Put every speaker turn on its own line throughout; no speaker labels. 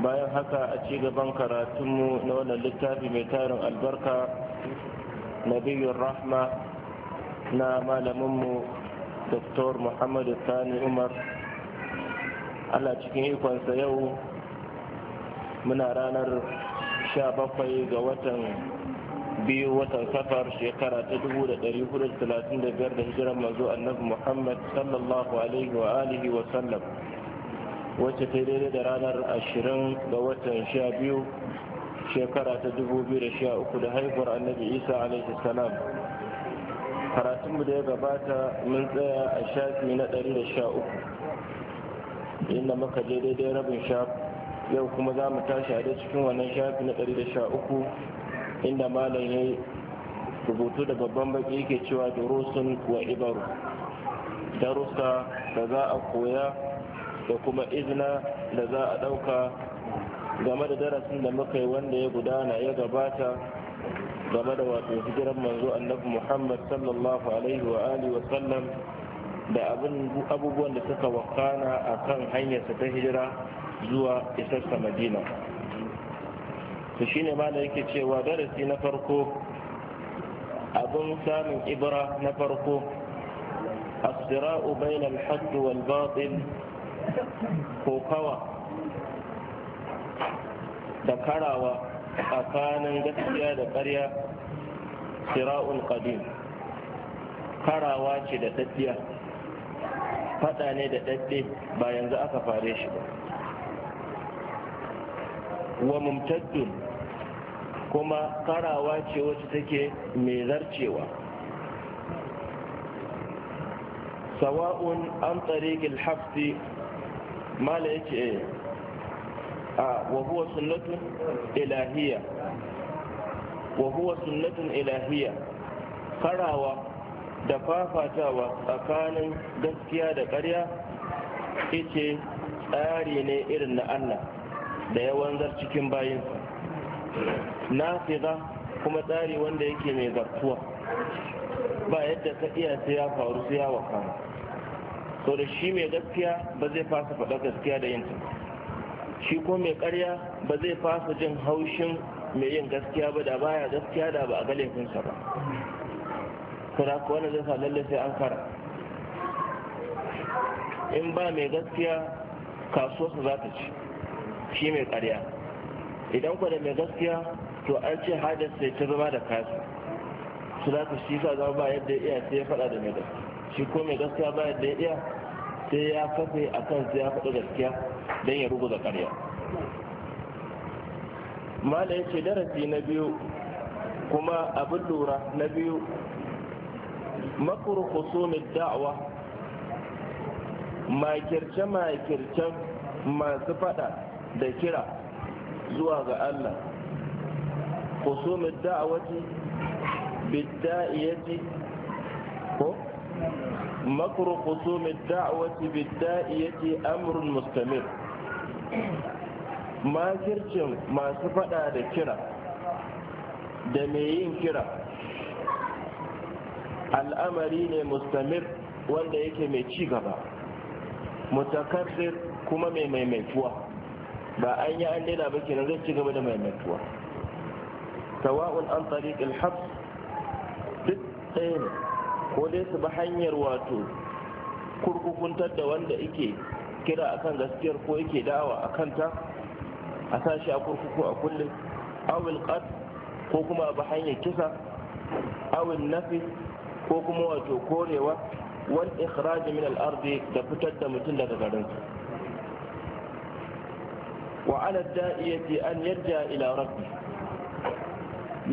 bayan haka a ci gaban karatunmu na wannan littafi mai tarin albarka na biyun rahma na malaminmu dr muhammadu sani umar allah cikin ikonsa yau muna ranar 17 ga watan biyu watan safar shekara ta 1435 da hijiran mazu annabi muhammad sallallahu alaihi wa alihi wa sallam wacce ta daidai da ranar 20 ga watan 12 shekara ta 2013 da haihuwar annabi isa alaihi salam karatunmu da ya gabata mun tsaya a shafi na 113 inda muka je daidai rabin shafi yau kuma za mu tashi a cikin wannan shafi na 113 inda malam ya rubutu da babban baki yake cewa rusun wa ibaru darussa da za a koya da kuma izina da za a ɗauka game da darasin da muka yi wanda ya gudana ya gabata game da wato hijiran manzo annabi muhammad sallallahu alaihi wa alihi wa sallam da abubuwan da suka wakana a kan hanyarsa ta hijira zuwa isarsa madina to shine ma da yake cewa darasi na farko abin samun ibra na farko asira'u bainal hadd wal batil kokawa da karawa tsakanin gaskiya da ƙarya sira'ul qadim karawa ce da daddiya fada ne da dadde ba yanzu aka fare shi ba wa mumtaddun kuma karawa ce wacce take mai zarcewa sawa'un an tsari gilhafti mala yake eh, a wa huwa sunnatun ilahiyya wa huwa sunnatun ilahiyya karawa da fafatawa tsakanin gaskiya da ƙarya ice tsari ne irin na Allah da ya wanzar cikin bayinsa nafiza kuma tsari wanda yake mai zartuwa ba yadda ka iya sai ya faru sai ya wakana to da shi mai gaskiya ba zai fasa faɗa gaskiya da yinta shi ko mai ƙarya ba zai fasa jin haushin mai yin gaskiya ba da baya gaskiya da ba a ga laifinsa ba kira ko wanda zai sa lallai sai an fara in ba mai gaskiya kasuwarsa za ta ci shi mai ƙarya idan ku da mai gaskiya to an ce hadar sai ta zama da kasu su za ta shi sa zama ba yadda iya sai ya faɗa da mai gaskiya shi ko mai gaskiya ba yadda ya iya sai ya kafe a kan sai ya faɗi gaskiya don ya ruguza ƙarya mala ya ce darasi na biyu kuma abin lura na biyu makar husumin da'awa makirce-makircen masu faɗa da kira zuwa ga Allah husumin da'awati ce, ko مكر خصوم الدعوة بالدائية أمر مستمر ما كرتم ما سفدا لكرة دميين كرة الأمرين مستمر wanda yake mai ci gaba mutakabbir kuma mai maimaituwa ba an yi an ba kenan zai ci gaba da maimaituwa sawa'un an tariq al-habs ko dai su bi hanyar wato kurkukuntar da wanda ike kira akan gaskiyar ko yake da'awa a kanta a sashi a kurkuku a kullum awil qat ko kuma bi hanyar kisa awil nafi ko kuma wato korewa wal ikhraj min al ardi da fitar da mutum daga garin wa ala da'iyati an yarja ila rabbi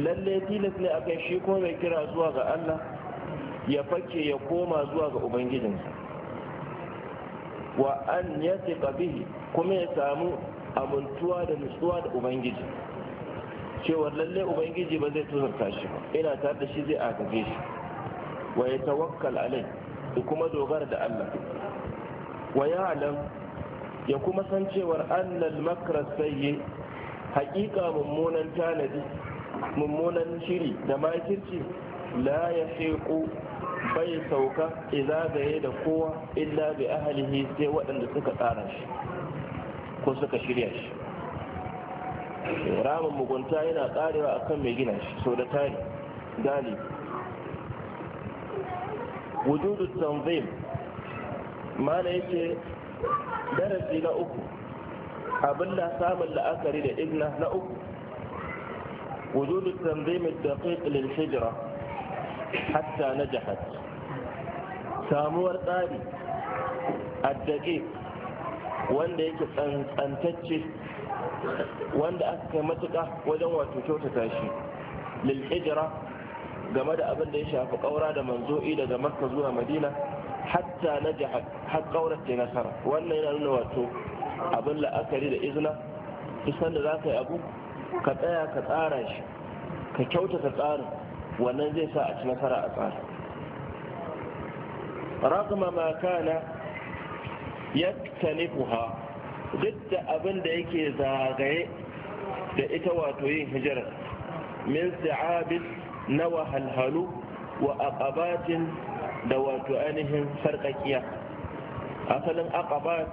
lalle tilas ne akai shi ko mai kira zuwa ga Allah ya fake ya koma zuwa ga ubangijinsa wa an ya bihi kuma ya samu amintuwa da nutsuwa da ubangiji cewar lalle ubangiji ba zai tuzurta shi ba ina tare da shi zai agaje shi wa ya tawakkal alai da kuma dogara da Allah wa ya alam ya kuma san cewar annal makra sayyi haƙiƙa mummunan tanadi mummunan shiri da makirci la ya sheku bai sauka izagaye da kowa illa bi ahalihi sai waɗanda suka tsara shi ko suka shirya shi ramin mugunta yana karewa akan mai gina shi so da tari gali wujudu tanzim mana yake darasi na uku abin da samun la'akari da izna na uku wujudu tanzim da lil hijra hatta na samuwar tsari addake wanda yake tsantsantacce wanda aka kai matuƙa wajen wato kyautata shi lil hijira game da abin da ya shafi ƙaura da manzo'i daga makka zuwa madina hatta na jihar har ƙaurar ta nasara wannan yana nuna wato abin la'akari da izina isan da za ka yi abu ka tsaya ka tsara shi ka kyautata tsarin wannan zai sa a ci nasara a tsara ragama ma kana yaktalifuha duk da abin da yake zagaye da ita wato yin hijira min sa'abin na wahalhalu wa aqabatin da wato ainihin sarkakiya asalin aqabat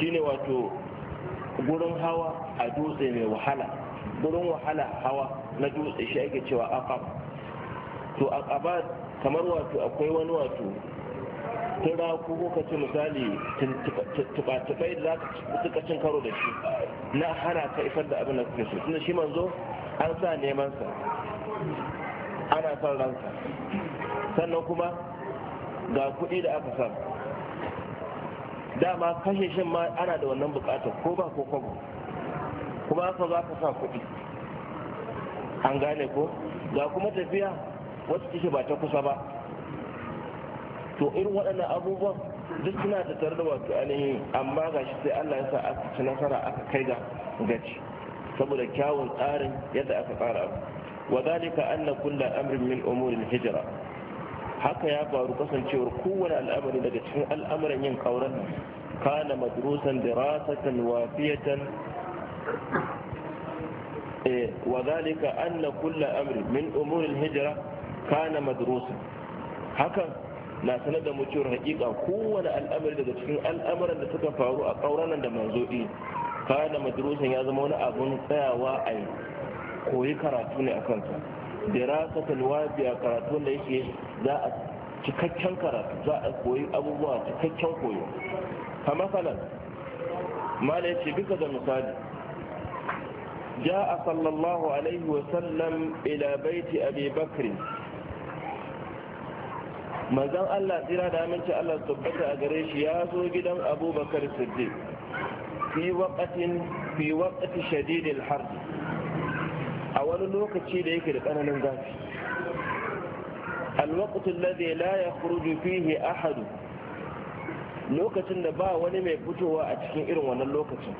shine wato gurin hawa a dutse mai wahala gurin wahala hawa na dutse shi ake cewa akab to aqaba kamar wato akwai wani wato tura ko ko kace misali tuba da za ka cin karo da shi na hana ka ifar da abin da kake so tunda shi manzo an sa neman sa ana son ransa sannan kuma ga kuɗi da aka samu dama kashe shin ma ana da wannan bukatar ko ba ko kwabo kuma haka za ka sa kuɗi an gane ko ga kuma tafiya wasu kishi ba ta kusa ba to irin waɗannan abubuwan duk suna da tare da wato ainihi amma ga shi sai Allah ya sa aka ci nasara aka kai ga gaci saboda kyawun tsarin yadda aka tsara abu wa zalika anna kullu amrin min umurin hijira? haka ya faru kasancewar kowane al'amari daga cikin al'amuran yin kauran kana madrusan dirasatan wafiyatan Eh, wa zalika anna kulla amri min umuril hijira kana madrusa hakan na sanar da mutuwar cewar hakika kowane al'amari daga cikin al'amuran da suka faru a kauranan da manzo'i kana madrusan ya zama wani abun tsayawa a yi koyi karatu ne a kansa dirasatul wabiya karatu da yake za a cikakken karatu za a koyi abubuwa cikakken koyo kamar malam ma da bisa da misali Ja صلى الله عليه وسلم إلى بيت أبي بكر Allah tsira da aminci Allah tabbata a gare shi ya zo gidan abubakar siddiq fi waqatin fi waqati shadidil a wani lokaci da yake da tsananin zafi الوقت الذي لا يخرج فيه أحد lokacin da ba wani mai fitowa a cikin irin wannan lokacin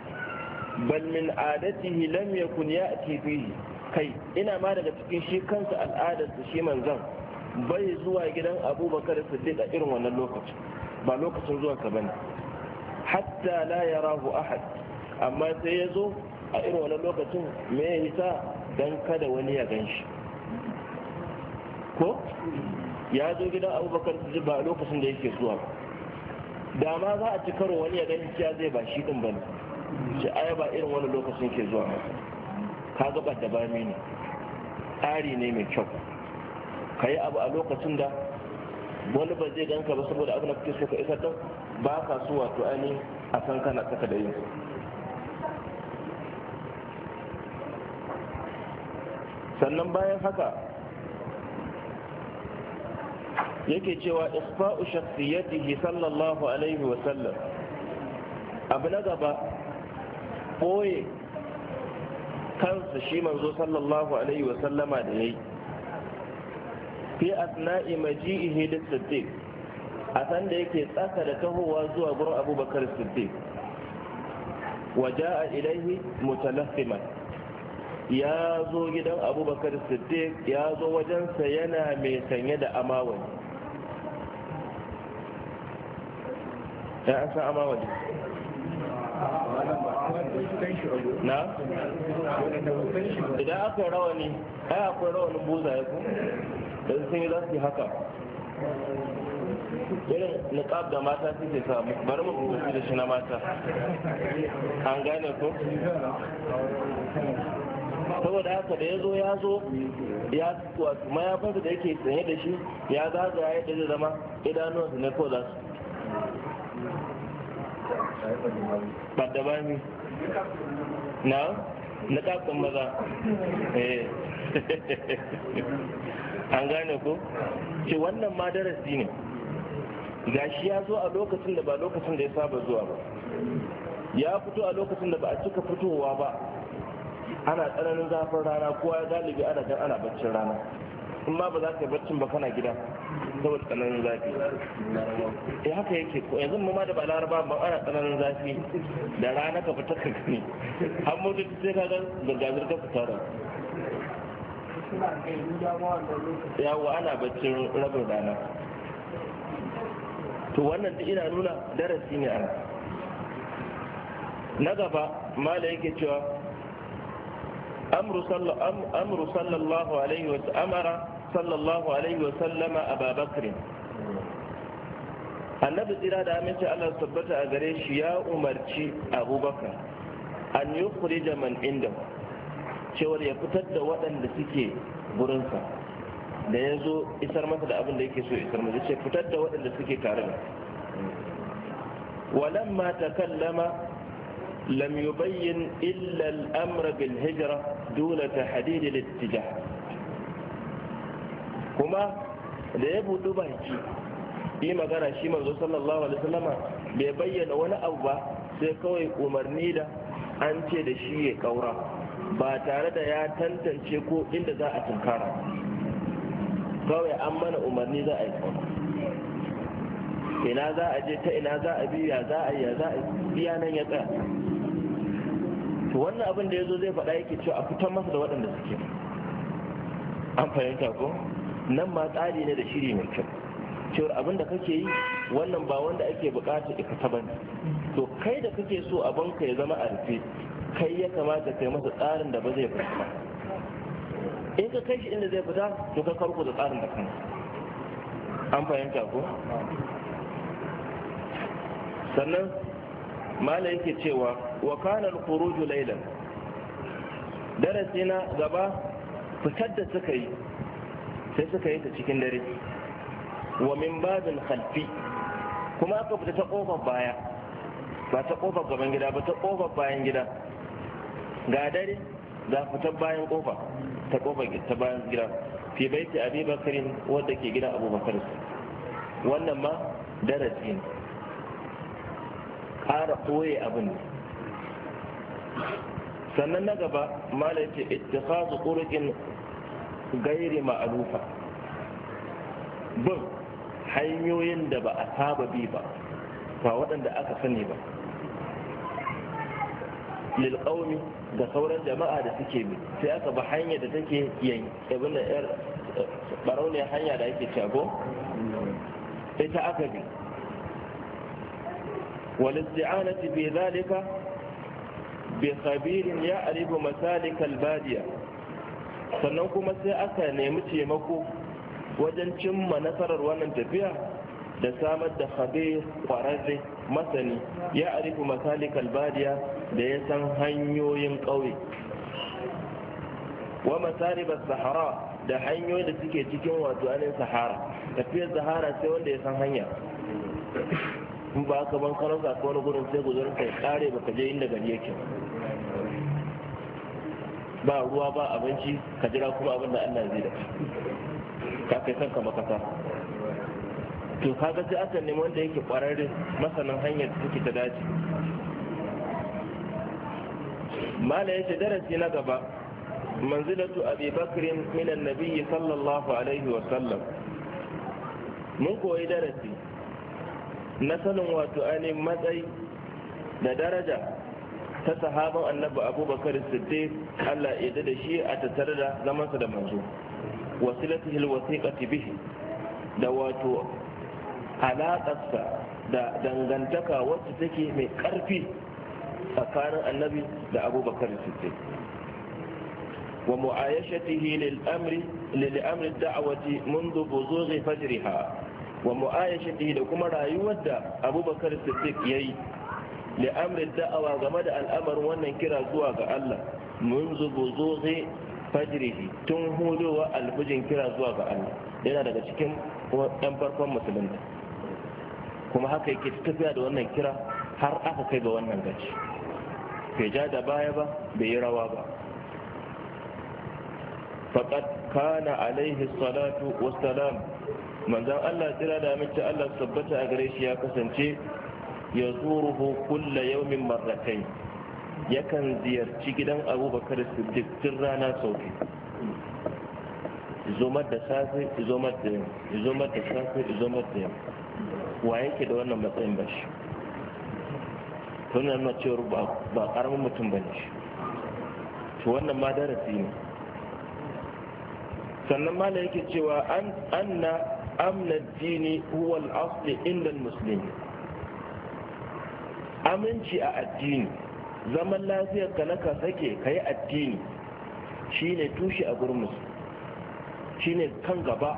bal min adatihi lam yakun ya'ti fihi kai ina ma daga cikin shi kansa al'adarsa shi manzon bai zuwa gidan abubakar siddiq a irin wannan lokacin ba lokacin sa bane hatta la yarahu ahad amma sai ya zo a irin wannan lokacin me ya isa dan kada wani ya gan shi ko ya zo gidan abubakar siddiq ba lokacin da yake zuwa ba da ma za a ci karo wani ya gan shi zai ba shi din bane shi ai ba irin wani lokacin ke zuwa masa ka gaba da bami ne tsari ne mai kyau ka yi abu a lokacin da wani ba zai ganka ba saboda abin da kake so ka isa don ba ka so wato ani a san kana tsaka da yin sannan bayan haka yake cewa isfa'u shakhsiyatihi sallallahu alaihi wa sallam abu na gaba ɓoye kansa shi manzo sallallahu alaihi wa sallama da yayi fi asna'i maji'ihi da siddiq a san da yake tsaka da tahowa zuwa gurin abubakar siddiq wa ja'a ilaihi mutalaffiman ya zo gidan abubakar siddiq ya zo wajensa yana mai sanye da amawali ya an san na idan aka rawani ai akwai rawanin ya ku da sun yi za su yi haka irin niqab da mata suke samu bari mu kuka da shi na mata an gane ko saboda haka da ya zo ya zo ya wato mayafinsa da yake sanye da shi ya zagaya yadda zai zama idanuwansa ne ko za su Ba da ba mi na na ƙaƙon maza eh. an gane ko ce wannan ma darasi ne gashi ya zo a lokacin da ba lokacin da ya saba zuwa ba ya fito a lokacin da ba a cika fitowa ba ana tsananin zafin rana kowa ya galibi ana dan ana baccin rana in ma ba za ka yi barcin ba kana gida saboda tsananin zafi eh haka yake ko yanzu mu ma da ba laraba ba ana tsananin zafi da rana ka fita ka gani har mutu ta ka ga gargajiyar ka fita da yawo ana barcin rabin rana to wannan duk ina nuna darasi ne ana na gaba mala yake cewa amru sallallahu alaihi wa amara صلى الله عليه وسلم أبا بكر النبي صلى الله عليه وسلم ثبت أغريش يا أمرتي أبو بكر أن يخرج من عنده شوال يفتد وأن لسيكي برنسا لينزو إسر مثل أبو ليكي سوء إسر مثل يفتد وأن لسيكي تارم ولما تكلم لم يبين إلا الأمر بالهجرة دون تحديد الاتجاه kuma da ya budu baki yi magana shi manzo sallallahu alaihi wasallama bai bayyana wani abu ba sai kawai umarni da an ce da shi ya kaura ba tare da ya tantance ko inda za a tunkara kawai an mana umarni za a yi kaura ina za a je ta ina za a biya za a ya za a biya nan ya tsaya to wannan abin da ya zo zai faɗa yake cewa a fitar masa da waɗanda suke an fahimta ko nan ma tsari ne da shiri mai kyau cewar abin da kake yi wannan ba wanda ake bukata ita ta bane to kai da kake so abin ka ya zama a rufe kai ya kamata kai masa tsarin da ba zai fita in ka kai shi inda zai fita to ka karko da tsarin da kan an fahimta ko sannan mala yake cewa wa kana al khuruj laylan darasi na gaba fitar da suka yi sai suka yi ta cikin dare wa min babin khalfi kuma aka fita ta kofar baya ba ta kofar gaban gida ba ta kofar bayan gida ga dare ga fitar bayan kofa ta kofar ta bayan gida fi baiti abi bakarin wadda ke abu abubakar wannan ma darasi ne ƙara koye abin ne sannan na gaba mala ce ittikhadhu qurqin gairi ma'arufa bin hanyoyin da ba a saba bi ba ba waɗanda aka sani ba lilƙaumi da sauran jama'a da suke bi sai aka ba hanya da take yanke abin da yar barauniyar hanya da ake shago sai ta aka bi walisti'anati bi zalika bi khabirin ya arifu masalikal badiya sannan kuma sai aka nemi taimako wajen cimma nasarar wannan tafiya da samar da khabir kwararre masani ya arifu masalikal badiya da ya san hanyoyin ƙauye wa masaribar sahara da hanyoyin da suke cikin wato anin sahara tafiyar sahara sai wanda ya san hanya in ba ka ban karon ka wani gudun sai guzurin kai kare baka je inda gari yake ba ruwa ba abinci ka jira kuma abin da Allah zai da ka kai kanka makasa to kaga sai aka nemi wanda yake kwararre masana'n hanyar da take ta dace mala yace darasi na gaba manzilatu abi bakr min annabi sallallahu alaihi wa sallam mun koyi darasi na sanin wato ainihin matsayi da daraja ta sahaban annabi abubakar siddiq allah ya da shi a tattare da zamansa da manzo wasilatihi alwasiqati bihi da wato alaƙarsa da dangantaka wacce take mai ƙarfi tsakanin annabi da abubakar siddiq wa mu'ayashatihi lil amri lil amri da'wati منذ بزوغ فجرها wa mu'ayashatihi da kuma rayuwar da abubakar siddiq yayi li amri da'awa game da al'amarin wannan kira zuwa ga Allah منذ بزوغ fajrihi tun hudowa alfijin kira zuwa ga Allah yana daga cikin ɗan farkon musulunta kuma haka yake tafiya da wannan kira har aka kai ga wannan gaci bai ja da baya ba bai yi rawa ba faqad kana alaihi salatu wassalam manzon Allah tsira da aminci Allah tabbata a gare shi ya kasance ya zuruhu kulla yaumin marratai yakan ziyarci gidan abubakar siddiq tun rana sau zomar da safe zomar da yamma zomar da safe zomar da yamma wa yake da wannan matsayin ba shi tun yana cewar ba karamin mutum ba ne shi to wannan ma darasi ne sannan ma yake cewa an na amna dini huwa al-asli inda musulmi aminci a addini zaman lafiyar ka na ka sake ka yi addini shine tushe a shi shine kan gaba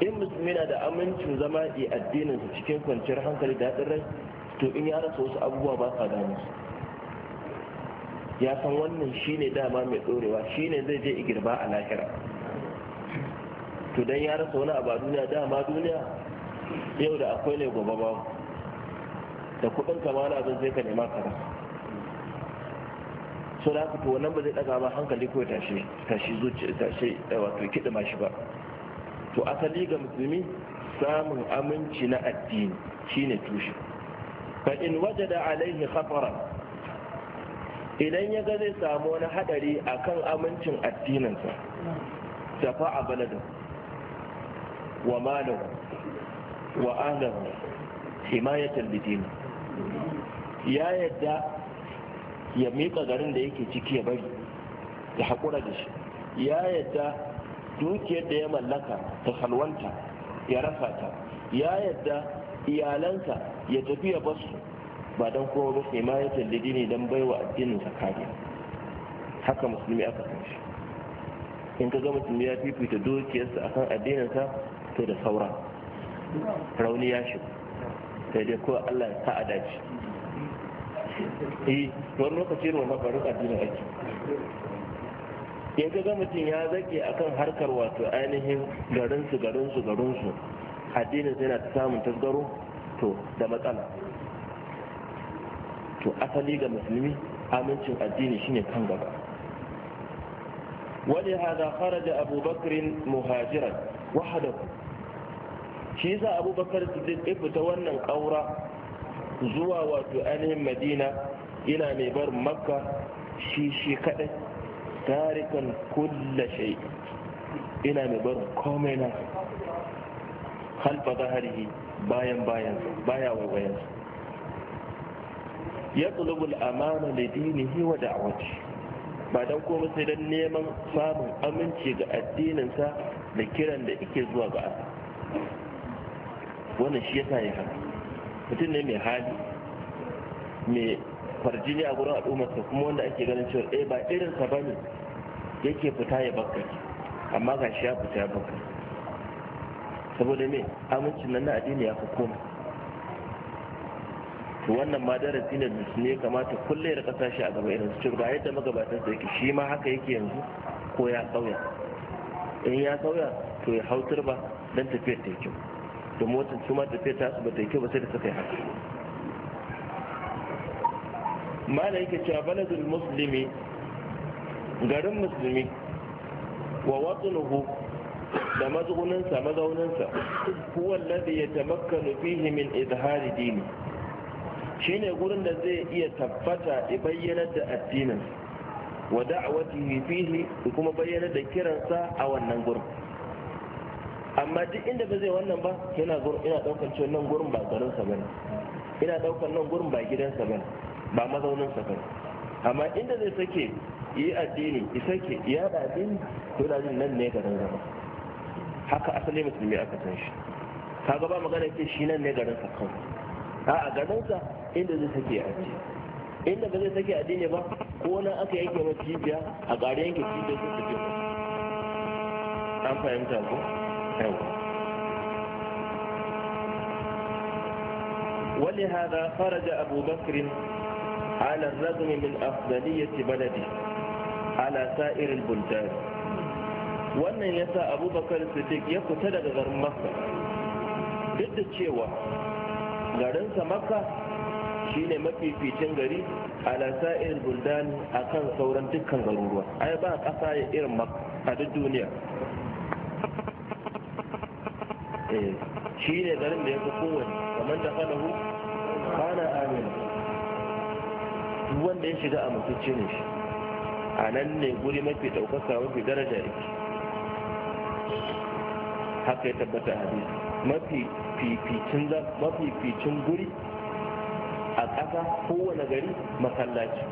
in musulmi na da amincin zama addinin su cikin kwanciyar hankali da rai to in ya rasa wasu abubuwa ba sa damu ya san wannan shine dama mai dorewa shine zai je igirba a lahira to don ya rasa wani abu a duniya dama duniya yau da akwai ne gobe babu da kudin ka wani abin zai ka nema ka so da haka to wannan ba zai daga ba hankali ko tashi tashi zuciya tashi eh, wato ma shi ba to asali ga musulmi samun aminci na addini shine tushe fa in wajada alaihi khatara idan ya ga zai samu wani hadari akan amincin addininsa fa a baladin wa malahu wa ahlahu himayatan lidini ya yadda ya miƙa garin da yake ciki ya bari ya haƙura da shi ya yadda dukiyar da ya mallaka ta halwanta ya rasa ta ya yadda iyalansa ya tafi ya basu ba don kowa ba sai ma ya tallidi ne don baiwa addinin kariya haka musulmi aka san shi in ka ga musulmi ya fifita dukiyarsa akan addininsa to da sauran rauni ya shigo Daidai dai ko Allah ya sa a daji. eh wani lokaci ruwa mafarin addinin ake ya ga mutum ya zake akan harkar wato ainihin garinsu garinsu garinsu addinin yana ta samun tasgaro to da matsala to asali ga musulmi amincin addini shine kan gaba wani hada kharaja abubakar muhajiran wahadahu shi yasa abubakar siddiq ya fita wannan ƙaura zuwa wato ainihin madina yana mai bar makka shi shi kaɗai tarikan kulla shai ina mai bar komai na halfa zaharihi bayan bayan baya bayan ya tsulubul amana da dinihi wa da'awati ba don komai sai don neman samun aminci ga addininsa da kiran da ike zuwa ga Allah wannan shi yasa ya haka mutum ne mai hali mai farjini a gurin al'ummarsa kuma wanda ake ganin cewa eh ba irinsa ba ne yake fita ya bakkaki amma ga shi ya fita ya bakkaki saboda me amincin nan na addini ya fi komai to wannan ma darasi ne musulmi ya kamata kulle ya kasa a gaba irin su ga yadda magabatan sa yake shi ma haka yake yanzu ko ya sauya in ya sauya to ya hautar ba don tafiyar ta yi kyau da motar kuma tafiya ta ba ta yi ba sai da suka yi haka mana yake cewa baladul musulmi garin musulmi wa watsunuhu da mazauninsa mazauninsa huwa ya tamaka fihi min izhari dini shine gurin da zai iya tabbata ya bayyana da addinin wa da'awatihi fihi kuma bayyana da kiransa a wannan gurin amma duk inda ba zai wannan ba yana ina daukar cewa nan gurin ba garin ba ne ina daukar nan gurin ba gidansa ba ne ba mazauninsa ba ne amma inda zai sake yi addini ya sake ya da addini to da nan ne garin zama haka asali musulmi aka san shi kaga ba magana ke shi nan ne garin sa kan a garin sa inda zai sake addini inda ba zai sake addini ba ko nan aka yanke masa cibiya a garin yanke cibiya sai su je an fahimta ko ولهذا خرج أبو بكر على الرغم من أفضلية بلده على سائر البلدان wannan ya sa abubakar siddiq ya fita daga garin makka duk da cewa garinsa makka shine mafificin gari ala sa'ir a akan sauran dukkan garuruwa ai ba ƙasa ya irin makka a duk duniya Eh, shi ne garin da ya fi kowane kamar da hu kana amina duk wanda ya shiga a mutunci ne shi a nan ne guri mafi ɗaukaka mafi daraja yake haka ya tabbata a hadisi mafi mafi ficin guri a ƙasa kowane gari masallaci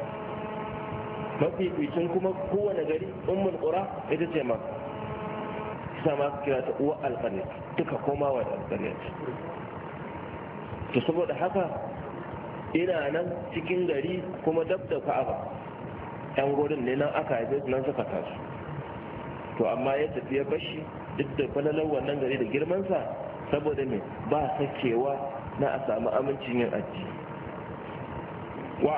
mafi ficin kuma kowane gari ummul qura ita ce maka sama su kira ta uwa alƙarya duka komawa da alƙarya to saboda haka ina nan cikin gari kuma dab da ka'aba yan gurin ne nan aka haife su nan suka tasu to amma ya tafi ya bashi duk da falalar wannan gari da girmansa saboda me ba sakewa na a samu amincin yin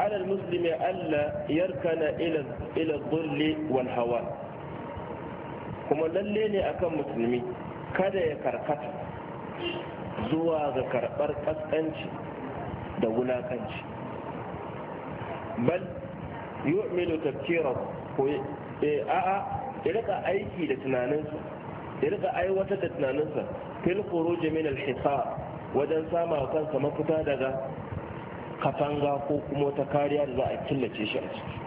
addini alla yarkana ila ila dhulli wal hawa kuma lalle ne akan musulmi kada ya karkata zuwa ga karɓar ƙasƙanci da wulaƙanci bal yu'minu tafkira ko eh, a'a ya rika aiki da tunaninsa ya rika aiwatar da tunaninsa fil khuruj min al wajen sama kansa mafita daga katanga ko kuma ta kariya da za a killace shi a ciki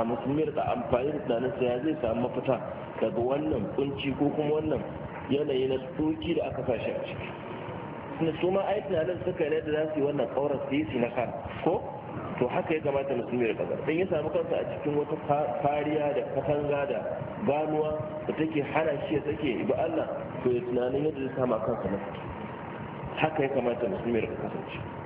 musulmi da amfani da sa ya zai samu mafita daga wannan kunci ko kuma wannan yanayi na tsoki da aka fashi a ciki suna su ma ai tunanin suka yi da za su yi wannan kaurar su yi na kan ko to haka ya kamata musulmi da kaza don ya samu kansa a cikin wata kariya da katanga da ganuwa da take hana shi ya sake ba Allah to ya tunanin yadda zai samu kansa na haka ya kamata musulmi da kasance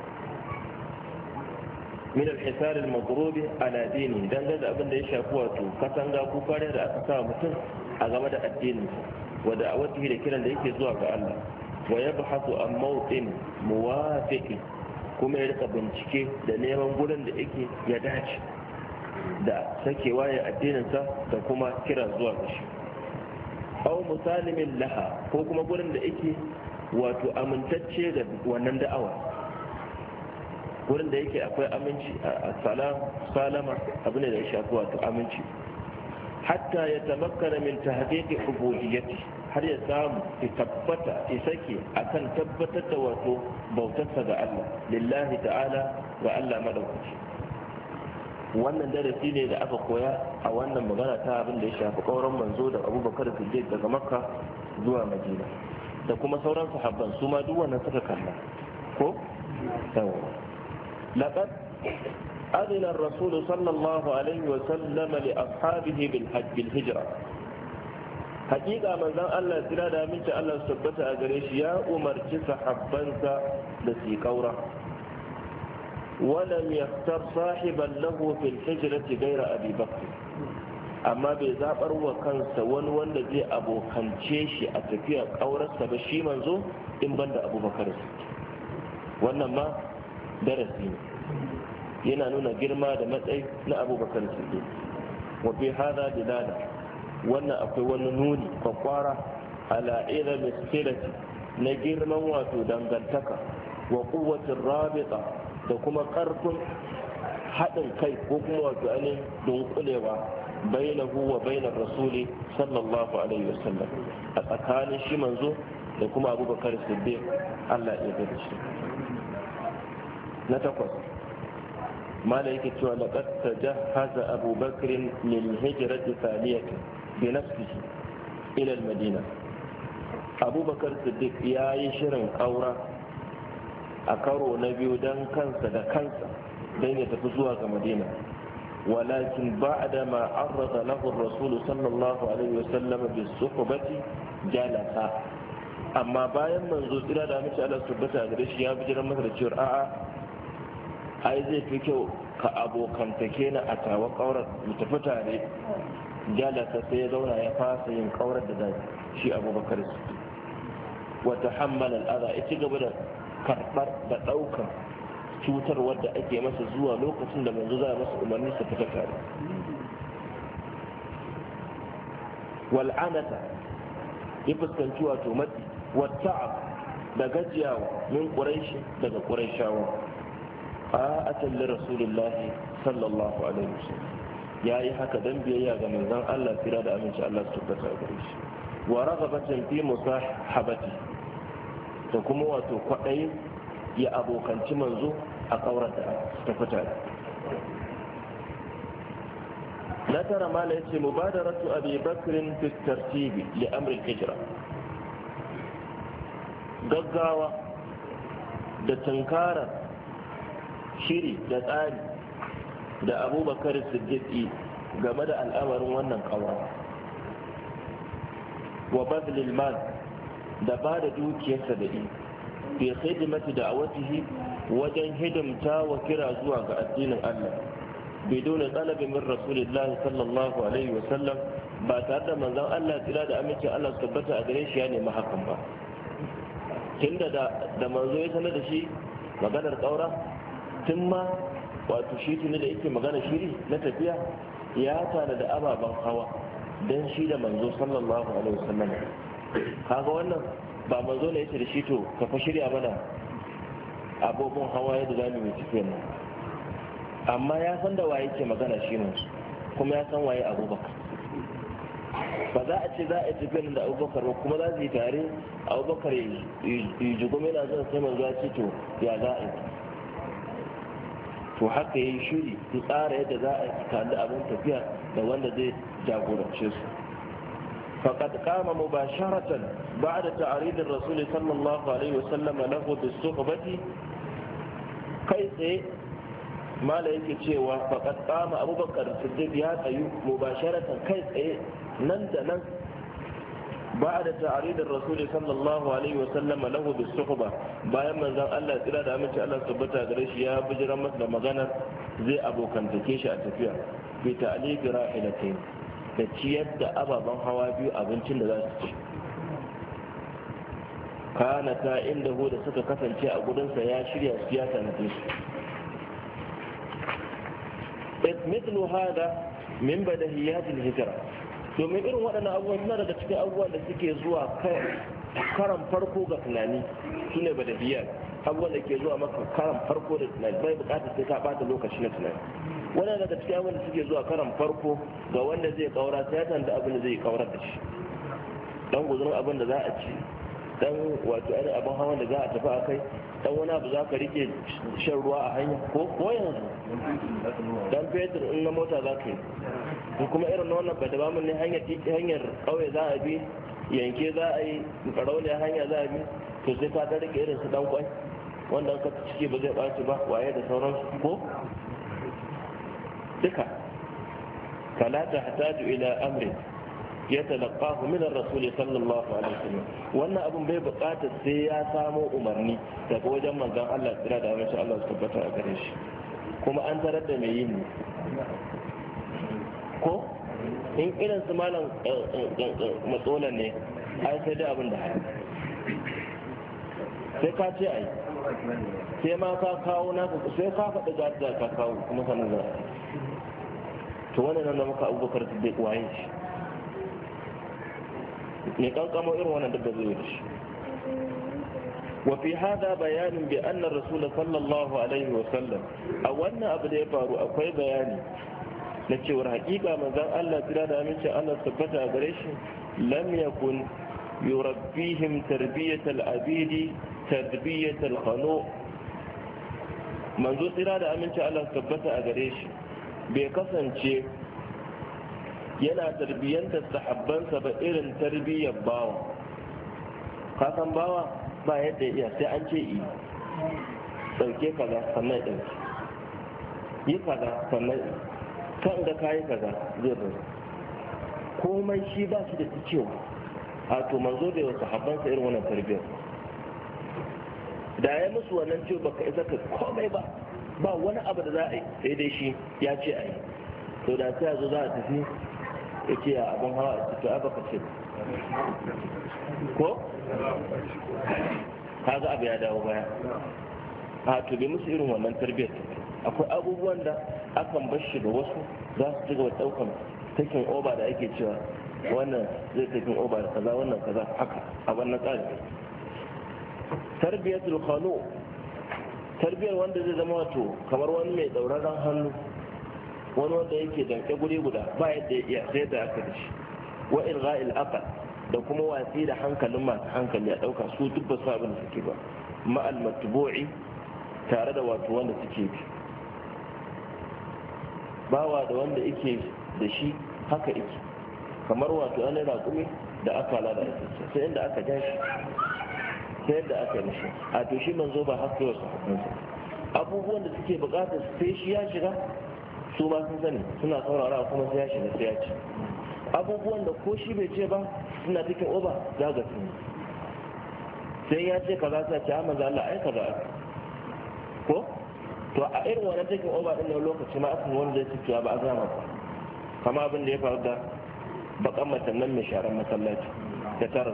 min al-hisar al-madrub ala dini dangane da abin da ya shafi wato katanga ko kare da aka sa mutum a game da addinin wa da'awatihi da kiran da yake zuwa ga Allah wa yabhathu an mawtin muwafiqi kuma ya rika bincike da neman gurin da yake ya dace da sakewa ya addininsa da kuma kira zuwa ga shi aw musalimin laha ko kuma gurin da yake wato amintacce da wannan da'awa wurin da yake akwai aminci a salama abu ne da ya shafi wato aminci hatta ya tamakkara min tahqiqi ubudiyyati har ya samu ya tabbata ya sake akan tabbatar da wato bautarsa ga Allah lillahi ta'ala ga Allah madaukaki wannan darasi ne da aka koya a wannan magana ta abin da ya shafi kauran manzo da abubakar siddiq daga makka zuwa madina da kuma sauran sahabban su ma duk wannan suka kalla ko yawa laqad adina ar-rasul sallallahu wa sallam li ashabihi bil hakika manzon Allah tsira da miki Allah su tabbata a gare shi ya umarci sahabbansa da su kaura ولم يختر صاحبا له في الهجرة غير أبي بكر amma bai zaɓar wa kansa wani wanda zai abokance shi a tafiya ƙaurarsa ba shi manzo in ban da abubakar wannan ma darasi ne yana nuna girma da matsayi na abubakar siddiq wa hada dilala wannan akwai wani nuni kwakwara ala ila miskilati na girman wato dangantaka wa kuwatin rabita da kuma karfin haɗin kai ko kuma wato ainihin dunkulewa bainahu wa bainar rasuli sallallahu alaihi wasallam a tsakanin shi manzo da kuma abubakar siddiq allah ya gada shi na takwas mala yake cewa laqad tajahaza Abu Bakr lil hijrati thaliyati bi nafsihi ila al Madina Abu Bakar Siddiq ya yi shirin aura a karo na biyu dan kansa da kansa da ya tafi zuwa ga Madina ba بعد ما عرض له الرسول sallallahu alaihi wasallam bi بالصحبة jalasa amma bayan manzo tsira da mace Allah tabbata gare shi ya bijiran masa da cewa a'a ai zai fi kyau ka abokantake na a tawa ƙaurar mu tafi tare jalasa sai ya zauna ya fasa yin ƙaurar da da shi abubakar su wata hammalar aza ya ci gaba da karɓar da ɗaukar cutar wadda ake masa zuwa lokacin da manzo za a masa umarni su fita tare wal'anata ya fuskanci wato matsi wata da gajiyawa min shi daga shawar. ta'atan li rasulillahi sallallahu alaihi wasallam yayi haka dan biyayya ga manzon Allah kira da aminci Allah su tabbata gare shi wa raghabatan fi musahabati da kuma wato kwadai ya abokanci manzo a kaurata ta fita na tara mala ya ce mubadaratu abi bakrin fi tartibi li amrin hijira gaggawa da tunkarar shiri da tsari da abubakar siddiqi game da al'amarin wannan ƙawa wa bazlil mal da ba da dukiyarsa da i fi khidmati da'awatihi wajen hidimta wa kira zuwa ga addinin Allah bidon talabi min rasulillahi sallallahu alaihi wa sallam ba tare da manzon Allah tsira da amincin Allah su tabbata a gare shi ya nemi hakan ba tunda da manzo ya sanar da shi maganar ƙaura tun ma wato shi tuni da yake magana shiri na tafiya ya tana da ababen hawa don shi da manzo sallallahu alaihi wasallam kaga wannan ba manzo ne yace da shi to ka fa shirya mana abubuwan hawa yadda za mu yi tafiyan nan amma ya san da waye ke magana shi ne kuma ya san waye abubakar ba za a ce za a nan da abubakar ba kuma za su yi tare abubakar ya jigome na zan sai manzo ya ce to ya za a yi to haka yi shiri su tsara yadda za a kalli abin tafiya da wanda zai jagorance su bada قام مباشرة بعد sallallahu alaihi wa sallam عليه وسلم له بالصحبة كيف mala yake cewa faƙat ƙama abubakar siddiq ya tsayu mubasharatan kai tsaye nan da nan بعد da الرسول صلى الله عليه وسلم له بالصحبة bayan manzon Allah tsira da aminci Allah tabbata gare shi ya bijira masa da maganar zai abokantake shi a tafiya bi ta'liq ra'ilatain da ciyar da ababen hawa biyu abincin da za su ci kana ta inda hu da suka kasance a gurinsa ya shirya su ya tanade su mithlu hada min badahiyatil hijra domin irin waɗannan abubuwan suna daga cikin abubuwan da suke zuwa karan farko ga tunani su ne biya abubuwan da ke zuwa maka karan farko da tunani bai bukatar sai ka bata lokaci na tunani wannan daga cikin abubuwan da suke zuwa karan farko ga wanda zai kaura sai ya tanda abin da zai kaura da shi dan guzurin abin da za a ci dan wato ainihin abin hawan da za a tafi a kai dan wani abu za ka rike shan ruwa a hanya ko ko yanzu dan fetur in na mota za ka yi kuma irin wannan ba da ne hanyar hanyar kauye za a bi yanke za a yi a hanya za a bi to sai ka ta rike irin su dan kwai wanda ka ciki ba zai ɓaci ba waye da sauransu ko duka Talata, ta hataju ila amri ya talaqahu min ar-rasul sallallahu alaihi wasallam wannan abun bai buƙatar sai ya samo umarni daga wajen manzon Allah tsira da mace Allah su tabbata a gare shi kuma an tarar da mai yin ko in irin su malam eh, eh, eh, matsolan ne ai sai dai abin da hali sai ka ce ai sai ma ka kawo na sai ka faɗi gajiyar ka kawo kuma sanin za to wani nan da muka abubakar su dai waye shi ne kankamo irin wannan duk da zai yi shi وفي هذا بيان بأن الرسول صلى الله عليه وسلم أولنا أبدا يفعل أقوي بياني na cewar haƙiƙa manzan Allah tira da amincin Allah tabbata a gare shi lam yakun yurabbihim tarbiyatal abidi tarbiyatal qanu manzo tsira da amincin Allah tabbata a gare shi bai kasance yana tarbiyyantar sahabbansa ba irin tarbiyyar bawa kasan bawa ba yadda iya sai an ce i ɗauke kaza sannan ɗauke yi kaza sannan kan ga kayi kaza zai bari komai shi ba shi da cewa a to manzo bai wasu habbansa irin wannan tarbiyyar da ya musu wannan cewa baka isa ka komai ba ba wani abu da za a yi sai dai shi ya ce a yi to da sai yazo za a tafi ya ke a abin hawa a cikin a ka ce ko kaga abu ya dawo baya a to bai musu irin wannan tarbiyyar akwai abubuwan da akan bar shi da wasu za su cigaba daukan taken oba da ake cewa wannan zai taken oba da kaza wannan kaza haka a wannan tsari tarbiyatul khalo tarbiyar wanda zai zama wato kamar wani mai tsauraran hannu wani wanda yake danke guri guda ba yadda ya sai da aka da shi wa ilgha'il aqal da kuma watsi da hankalin masu hankali a dauka su dubba sabin su abin suke ba ma'al matbu'i tare da wato wanda suke bi bawa da wanda ike da shi haka ike kamar wato ana raƙumi da aka lada sai inda aka ja shi sai yadda aka yi shi a to shi manzo ba haka yau sahabbansa abubuwan da suke bukatar sai shi ya shiga su ba sun sani suna saurara kuma sai ya shiga sai ya ci abubuwan da ko shi bai ce ba suna cikin oba za ga sun sai ya ce kaza sai ce amma ah, za Allah ai kaza ko to a irin wannan take oba din nan lokaci ma akan wanda zai cewa ba a zama ba kama abin da ya faru da bakan matan nan mai sharan masallaci da tara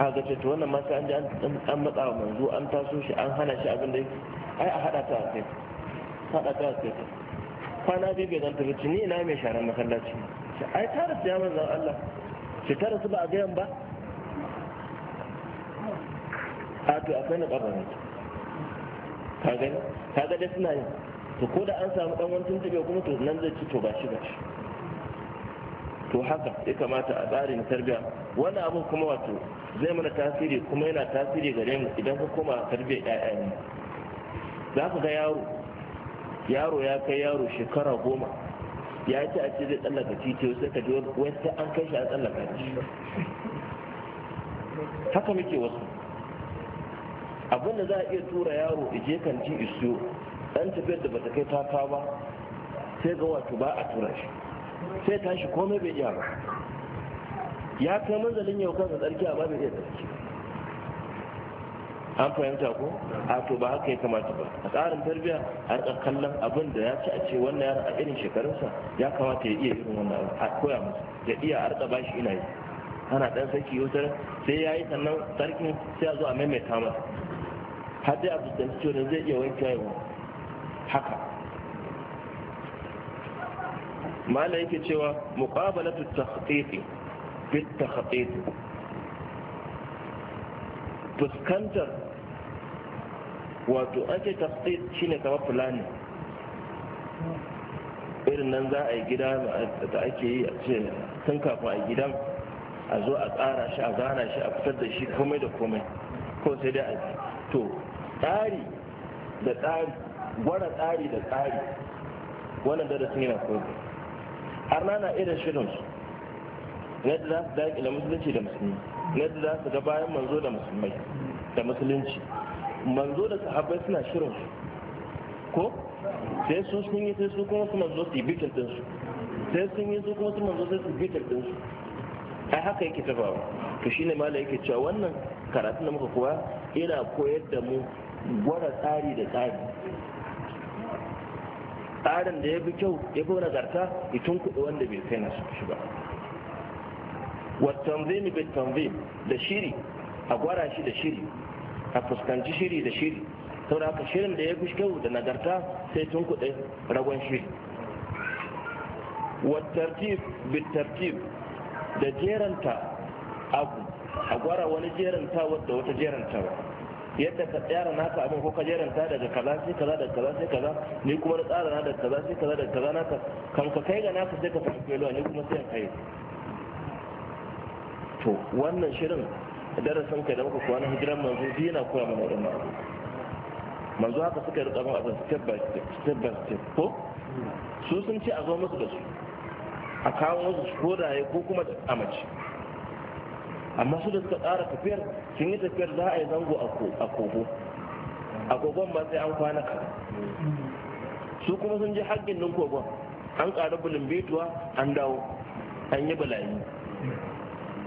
a ga ce to wannan ma sai an ji an matsa wa manzo an taso shi an hana shi abin da yake ai a hada ta a kai hada ta a kai kwana biyu bai zanta ba ni ina mai sharan masallaci ai tara su ya manzan Allah ce tara su ba a gayan ba a to akwai na kabarin ka gani ka ga dai suna yin to ko da an samu dan wancan tuntube kuma to nan zai ci to ba gashi to haka ya kamata a tsarin tarbiya wannan abin kuma wato zai mana tasiri kuma yana tasiri gare mu idan ka koma tarbiyyar ƴaƴan za ka ga yaro yaro ya kai yaro shekara goma ya ci a ce zai tsallaka titi sai ka ji wai an kai shi a tsallaka shi haka muke wasu abin da za a iya tura yaro je kan ji isiyo dan tafiyar da bata kai taka ba sai ga wato ba a tura shi sai tashi komai bai iya ba ya kai manzalin yau kansa tsarki a babin iya tsarki an fahimta ko a to ba haka ya kamata ba a tsarin tarbiyya a rika kallon abin da ya ci a ce wannan yaron a irin shekarunsa ya kamata ya iya irin wannan a koya masu ya iya a rika bashi ina yi ana dan saki wutar sai ya yi sannan tsarkin sai a zo a maimaita masa har dai abu da zai iya wanke yawa haka mala yake cewa ta takhtiqi bit takhtiq fuskantar wato ake takhtiq shine kamar fulani irin nan za a yi gida da ake yi a ce tun kafin a gidan a zo a tsara shi a gana shi a fitar da shi komai da komai ko sai dai a to tsari da tsari gwara tsari da tsari wannan darasin yana koyar har na irin shirin su yadda za su daƙi da musulunci da musulmi yadda za su ga bayan manzo da musulmai da musulunci manzo da sahabbai suna shirin su ko sai su sun yi sai su kuma su manzo su yi bikin ɗinsu sai sun yi su kuma su manzo sai su bikin ɗinsu ai haka yake tafawa to shine mala yake cewa wannan karatun da muka koya ina koyar da mu gwada tsari da tsari tsarin da ya fi kyau ya fi nagarta itun kuɗi wanda bai kai nasu shi ba zini bai tanzim da shiri a gwara shi da shiri a fuskanci shiri da shiri saboda haka shirin da ya fi kyau da nagarta sai tun kuɗi ragon shiri tartib bai tartib da jeranta abu a gwara wani jerantawar wadda wata jerantawa yadda ka tsara naka abin ko ka jeranta daga kaza sai kaza daga kaza sai kaza ni kuma na tsara na daga kaza sai kaza daga kaza naka kan ka kai ga naka sai ka fahimci lewa ni kuma sai in kai to wannan shirin darasin kai da muka kuwa na hijiran manzo dina koya mana irin manzo haka suka rika mun abin step by step step by step ko su sun ce a zo musu da su a kawo musu ko da ya ko kuma a mace amma su da suka tsara tafiyar sun yi tafiyar za a yi zango a kogo a kogon ba sai an kwana ka su kuma sun ji haƙƙin nan kogon an ƙara betuwa an dawo an yi balayi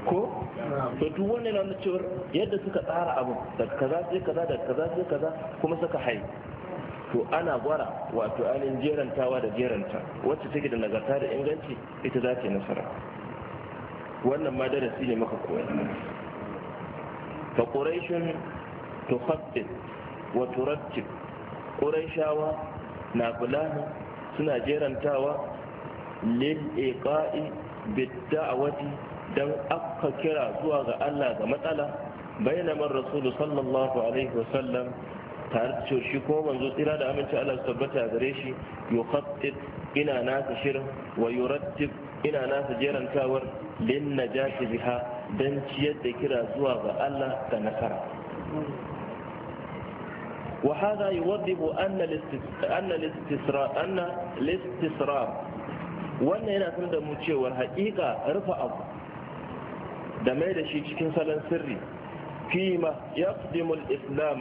ko to duk wannan na cewar yadda suka tsara abu da kaza sai kaza da kaza sai kaza kuma suka haihu to ana gwara wato ainihin jerantawa da jeranta wacce take da nagarta da inganci ita za ta yi nasara wannan ma darasi ne maka koya fa quraishun tukhaffif wa turattib quraishawa na fulani suna jerantawa lil iqa'i bid da'wati dan akka kira zuwa ga Allah ga matsala bainamar rasulu sallallahu alaihi wa sallam da shi ko manzo tsira da aminci Allah su tabbata gare shi yukhattib ina naka shirin wa yurattib ina nasa jerantawar lin najati biha dan ciyar da kira zuwa ga Allah da nasara وهذا يوضح أن الاستسراء أن الاستسراء وأن هنا تندى متشور حقيقة رفع أبو دمير شيء cikin salon sirri fima yaqdimu al-islam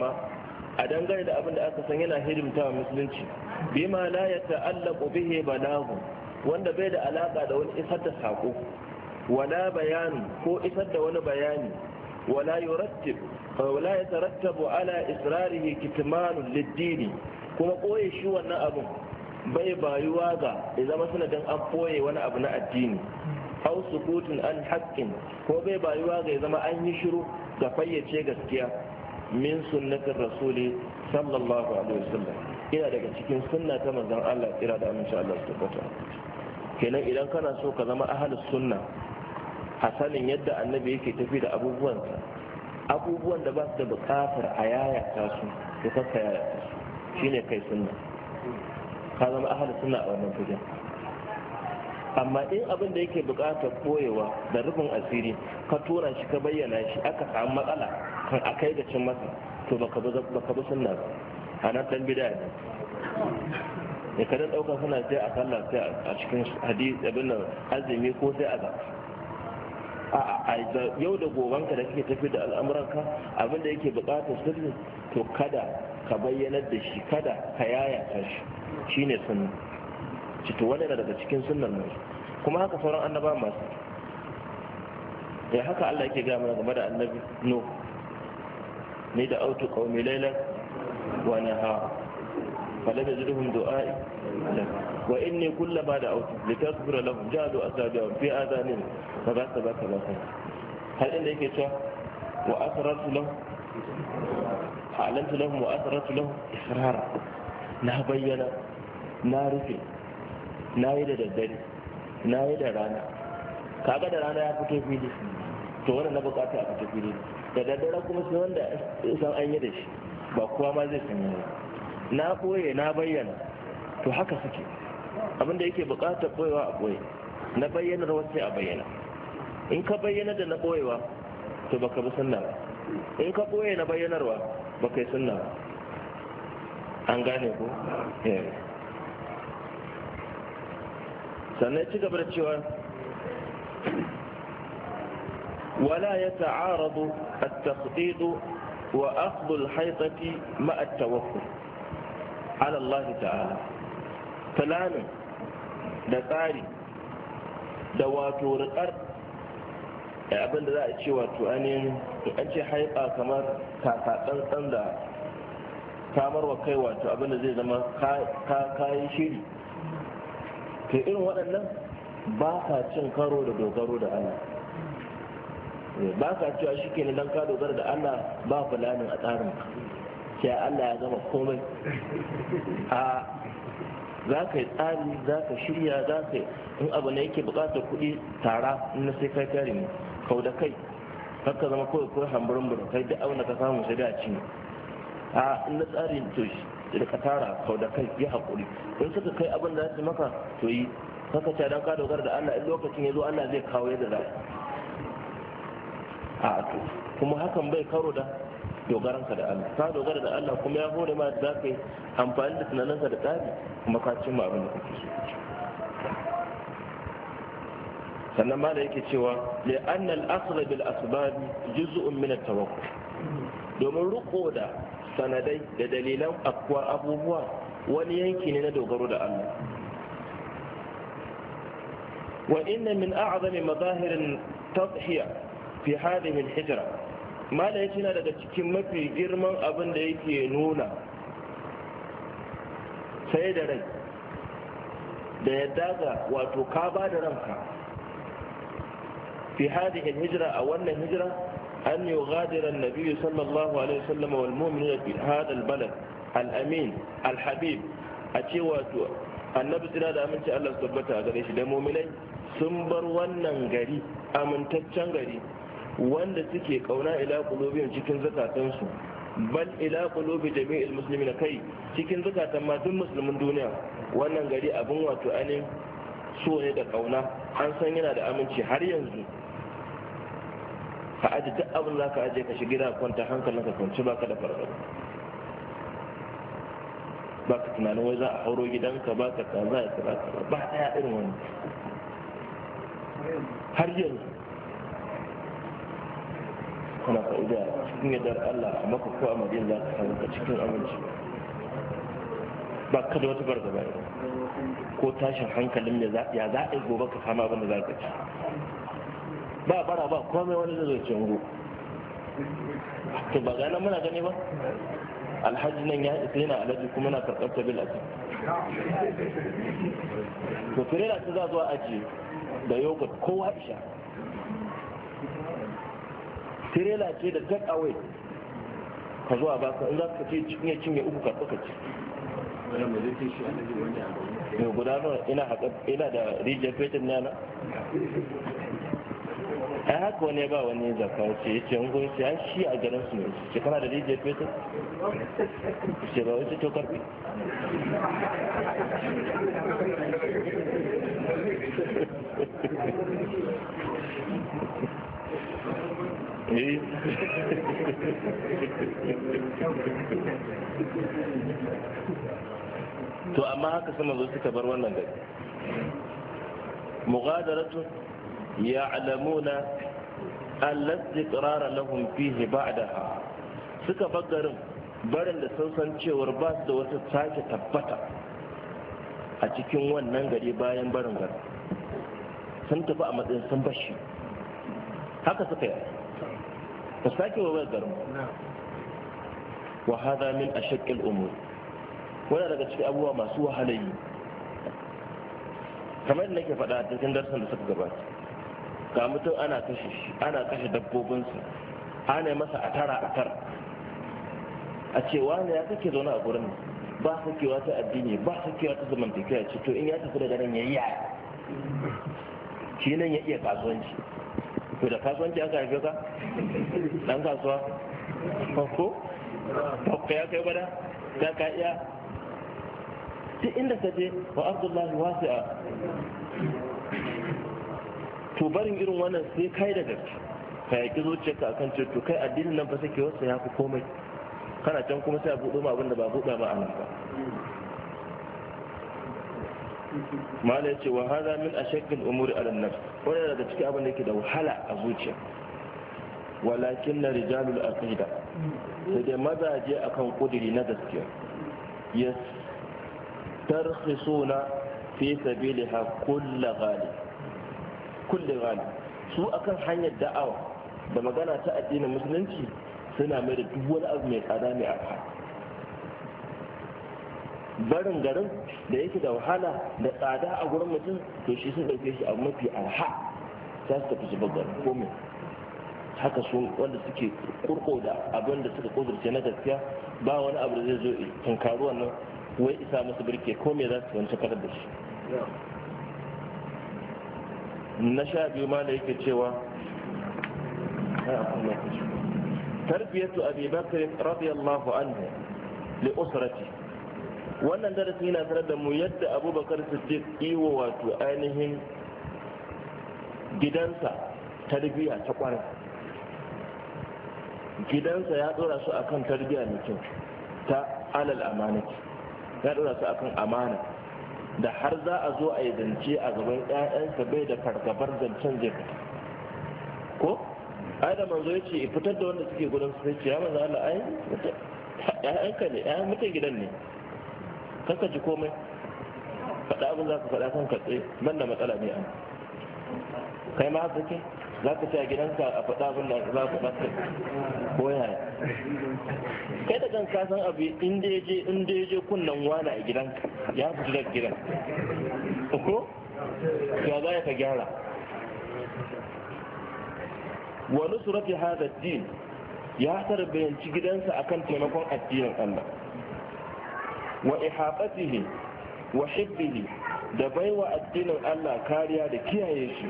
a dangane da abin da aka san yana hidimta musulunci bima la yata'allaqu bihi balagu wanda bai da alaka da wani isar da sako wala bayani ko isar da wani bayani wala yurattib wala yatarattabu ala israrihi kitmanun lid-dini kuma koye shi wannan abun bai bayuwa ga ya zama sanadin an boye wani abu na addini aw sukutun an haqqin ko bai bayuwa ga ya zama an yi shiru ga fayyace gaskiya min sunnatin rasuli sallallahu alaihi wasallam ina daga cikin sunna ta manzon Allah kira da amince Allah su tabbata kenan idan kana so ka zama ahalus sunna a sanin yadda annabi yake tafi da abubuwansa abubuwan da ba su da buƙatar a yayata su to kakka yayata su shine kai sunna ka zama ahalus sunna a wannan fagen amma in abin da yake buƙatar koyewa da rufin asiri ka tura shi ka bayyana shi aka samu matsala kan a kai da cin masa to baka bi sunna ba a nan dan bida ne da kada ɗaukar suna sai a sallah sai a cikin hadisi abin nan azumi ko sai a a yau da gobanka da kake tafi da al'amuranka abin da yake bukatar sirri to kada ka bayyanar da shi kada ka yayata shi shine sunna cito wani na daga cikin sunnan nan kuma haka sauran annaba masu ya haka Allah yake gaya mana game da annabi no ni da autu qaumi laylan wa nahara فلم يزدهم دعائي وإني كلما دعوت لتغفر لهم جعلوا أصابعهم في آذانهم فبات بات بات هل إن لك شاء وأثرت لهم أعلنت لهم وأثرت لهم إصرارا na bayyana na rufe na yi da daddare na yi da rana kaga da rana ya fito fili to wannan na bukata a fito fili da daddare kuma sai wanda san an yi da shi ba kowa ma zai sanya na ɓoye na bayyana to haka suke abinda yake buƙatar ɓoyewa a ɓoye na bayyanar wasu a bayyana in ka bayyana da na ɓoyewa to baka bi sunna ba in ka ɓoye na bayyanarwa baka yi sunna ba an gane ko sannan ci gaba da cewa ولا يتعارض التخطيط وأخذ الحيطة مع التوكل ala Allah ta'ala planin da tsari da wato da abinda za a ce wato ainihin an ce haifa kamar kakatsantsan da samar wa kai wato abinda zai zama kayan shiri ke irin waɗannan ba ka cin karo da dogaro da Allah ba ka cewa shi ke don ka dogara da Allah ba fulanin a tsarin cewa Allah ya gama komai a za ka yi tsari za ka shirya za ka in abu ne yake buƙatar kuɗi tara na sai kai kare ne kau da kai haka zama kawai kawai hamburin burin kai da auna ka samu sai da ne a in na tsari to da ka tara kau da kai ya haƙuri in suka kai abin da zai maka to yi haka ta dan ka dogara da Allah in lokacin ya zo Allah zai kawo yadda za a to kuma hakan bai karo da dogaranka da Allah ka dogara da Allah kuma ya hore ma da ka amfani da tunaninka da tsari kuma ka cimma abin da kake so sannan ma da yake cewa li annal asla bil asbab juz'un min at tawakkul domin riko da sanadai da dalilan akwa abubuwa wani yanki ne na dogaro da Allah wa inna min a'zami madahirin tadhiya fi hadhihi al hijra malam yace na daga cikin mafi girman abin da yake nuna sai da rai da yadda ga wato ka ba da ranka fi hadihin hijira a wannan hijira an yi gadiran nabi sallallahu alaihi wasallam wal mu'minu fi hadal balad al amin al habib a ce wato annabi tsira da aminci Allah su tabbata a gare shi da mu'minai sun bar wannan gari amintaccen gari wanda suke kauna ila qulubihim cikin zakatansu bal ila kulubi jami'il muslimin kai cikin zakatan ma duk musulmin duniya wannan gari abin wato anin so ne da kauna an san yana da aminci har yanzu ka aji duk abin za ka aje ka shiga kwanta hankalinka kwanci baka da fargaba ba ka tunanin wai za a hauro gidanka ba ka za ya kaza ba ta irin wani har yanzu kana fa'ida cikin yadda Allah a maka ko a madina za ka samu ka cikin aminci ba ka da wata fargaba ko tashin hankalin ya za a yi gobe ka kama abin da za ka ci ba bara ba komai wani zai zoce ngo to ba gana muna gani ba alhaji nan ya isa yana alhaji kuma na karɓar ta bil aji to firela ta za zuwa aji da yogurt kowa isha tirela ce da take away ka zuwa ba ka in za ka ce cinye cinye uku ka tsaka ci mai eh, gudanar ina haƙa ina da rijiyar fetin nana ai haka wani ba wani zaka ce ya ce ungun ya shi a garin su ne ce kana da rijiyar fetin ce ba wai to karfi to amma haka sama zo suka bar wannan gari mugadaratu ya'lamuna al-istiqrara lahum fihi ba'daha suka bar garin barin da sun san cewar ba su da wata sake tabbata a cikin wannan gari bayan barin garin sun tafi a matsayin sun bashi haka suka yi ka sake wa wayar garin wa hada min ashaqqil umur wanda daga cikin abubuwa masu wahalayi kamar da nake faɗa a cikin darsan da suka gabata ga mutum ana kashe shi ana kashe dabbobinsa ana masa atara tara a tara a ce wani ya kake zaune a gurin ba sakewa ta addini ba sakewa ta zamantakewa ce to in ya tafi daga nan ya yi yaya shi nan ya iya kasuwanci ko da kasuwanci aka haife ka dan kasuwa ko ko ya kai bada za ka iya duk inda ka je wa abdullah wasi'a to barin irin wannan sai kai da gaske ka yaki ka akan ce to kai addinin nan fa sake wasu ya fi komai kana can kuma sai a buɗo ma abin da ba buɗa a nan ba mala yace wa hada min ashaqqil umuri ala nafs a daga cikin abin da yake da wahala a zuciya walakin na rijalul aqida sai dai mazaje akan kudiri na gaskiya ya tarhisuna fi sabiliha kullu ghali kullu ghali su akan hanyar da'awa da magana ta addinin musulunci suna mai da duk wani abu mai tsada mai arha barin garin da yake da wahala da tsada a gurin mutum to shi sun ɗauke shi a mafi arha za su tafi su garin komai haka su wanda suke kurko da abin da suka kudurce na gaskiya ba wani abu da zai zo tunkaru wannan wai isa masu birke komai za su wance karar da shi na sha biyu ma da yake cewa tarbiyatu abi bakr radiyallahu anhu li usratihi wannan darasi yana sanar da mu yadda abubakar siddiq iwo wato ainihin gidansa tarbiyya ta kwarai gidansa ya dora su akan tarbiyya mai kyau ta alal amanati ya dora su akan amana da har za a zo a yi zance a gaban 'ya'yansa bai da fargabar zancen zai ko ai da manzo yace fitar da wanda suke gudun su sai ce ya manzo Allah ai 'ya'yanka ne 'ya'yan mutan gidan ne kanka ji komai faɗa abin za ka faɗa kan katse ban da matsala ne an kai ma haka ke za ka ce a gidanka a faɗa abin da za ka faɗa ko yaya kai da kan kasan abu inda ya je inda ya je kunnan wana a gidanka ya fi jirar gidan ko ya za ka gyara Wani surafi hada din ya tarbiyanci gidansa akan taimakon addinin Allah wa ihaqatihi wa hibbihi da baiwa addinin Allah kariya da kiyaye shi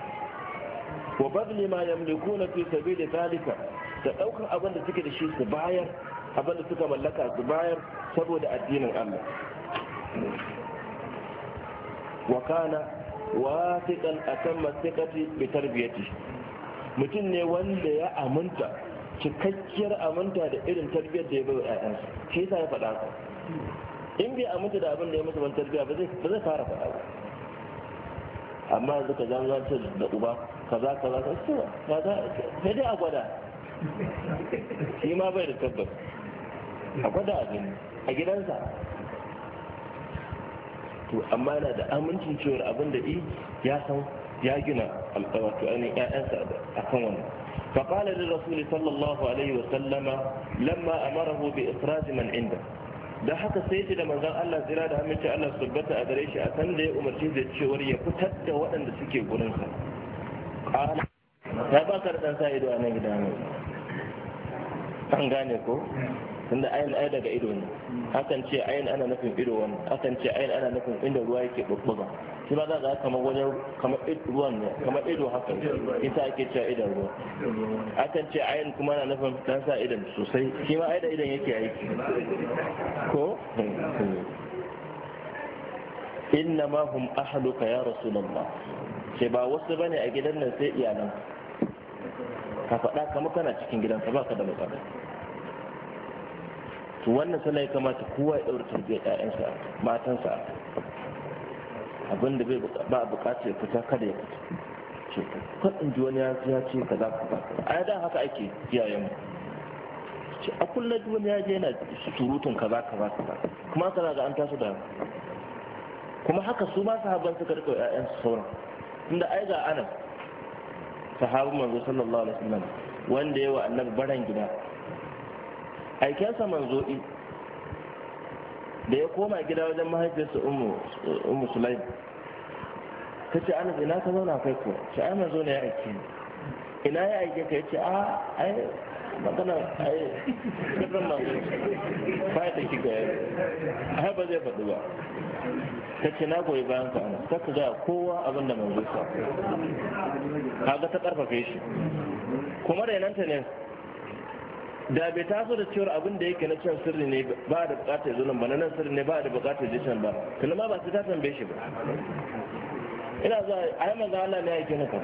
wa badli ma yamlikuna fi sabili zalika da daukar abin da suke da shi su bayar abin da suka mallaka su bayar saboda addinin Allah wa kana wasiqan atamma thiqati bi tarbiyati mutum ne wanda ya aminta cikakkiyar aminta da irin tarbiyyar da ya bai wa ƴaƴansa shi yasa ya faɗa in bai amince da abin da ya mutu wani tarbiyya ba zai fara faɗa ba amma yanzu ka zama zance da uba kaza kaza ka ce ba za sai dai a gwada shi ma bai da tabbas a gwada a gani a gidansa to amma yana da amincin cewar abin da i ya san ya gina wato ainihin ƴaƴansa a kan wannan فقال للرسول صلى الله عليه وسلم لما أمره بإخراج من عنده da haka sai shi da manzan Allah zira da amince Allah su tabbata a gare shi a san da ya umarci da cewar ya fitar da waɗanda suke gurinsa ya ba ka da ɗan sa ido a nan gida mai an gane ko tunda ayin ai daga ido ne akan ce ayin ana nufin ido wani akan ce ayin ana nufin inda ruwa yake bubbuga shi ba za ka kamar wajen kamar ruwan ne kamar ido haka ita ake cewa idan ruwa akan ce ayin kuma ana nufin dan sa idan sosai shi ma ai idan yake aiki ko inna ma hum ahluka ya rasulullah sai ba wasu bane a gidan nan sai iyalan ka faɗa kamar kana cikin gidanka baka da matsala to wannan tana ya kamata kowa ya ɗaura tarbiyyar ƴaƴansa matansa abinda bai ba a buƙatar ya fita kada ya fita ce kan in ji wani ya ce ka za ka ba a yadda haka ake iyayenmu ce a kullum wani ya je yana surutun kaza ba kaza kuma kana ga an taso da kuma haka su ma sahabban suka rika ƴaƴan su sauran tunda ai ga anan sahabban manzo sallallahu alaihi wasallam wanda yawa annabi baran gida aikensa manzo'i da ya koma gida wajen mahaifiyarsa umu sulaim ta ce anas ina ka zauna kai ko ce ai manzo ne ya aike ina ya aike ka ya ce a ah, ai magana ai sirrin manzo ba da ki ga ai ba zai faɗi ba ta ce na goyi bayan ka anas ta ga kowa abin da manzo sa kaga ta karfafe shi kuma rainanta ne da bai taso da cewar abin da yake na can sirri ne ba da bukata zo nan ba na nan sirri ne ba da ya je can ba ma ba su ta tambaye shi ba ina zuwa a yi manzo Allah ne ya yake haka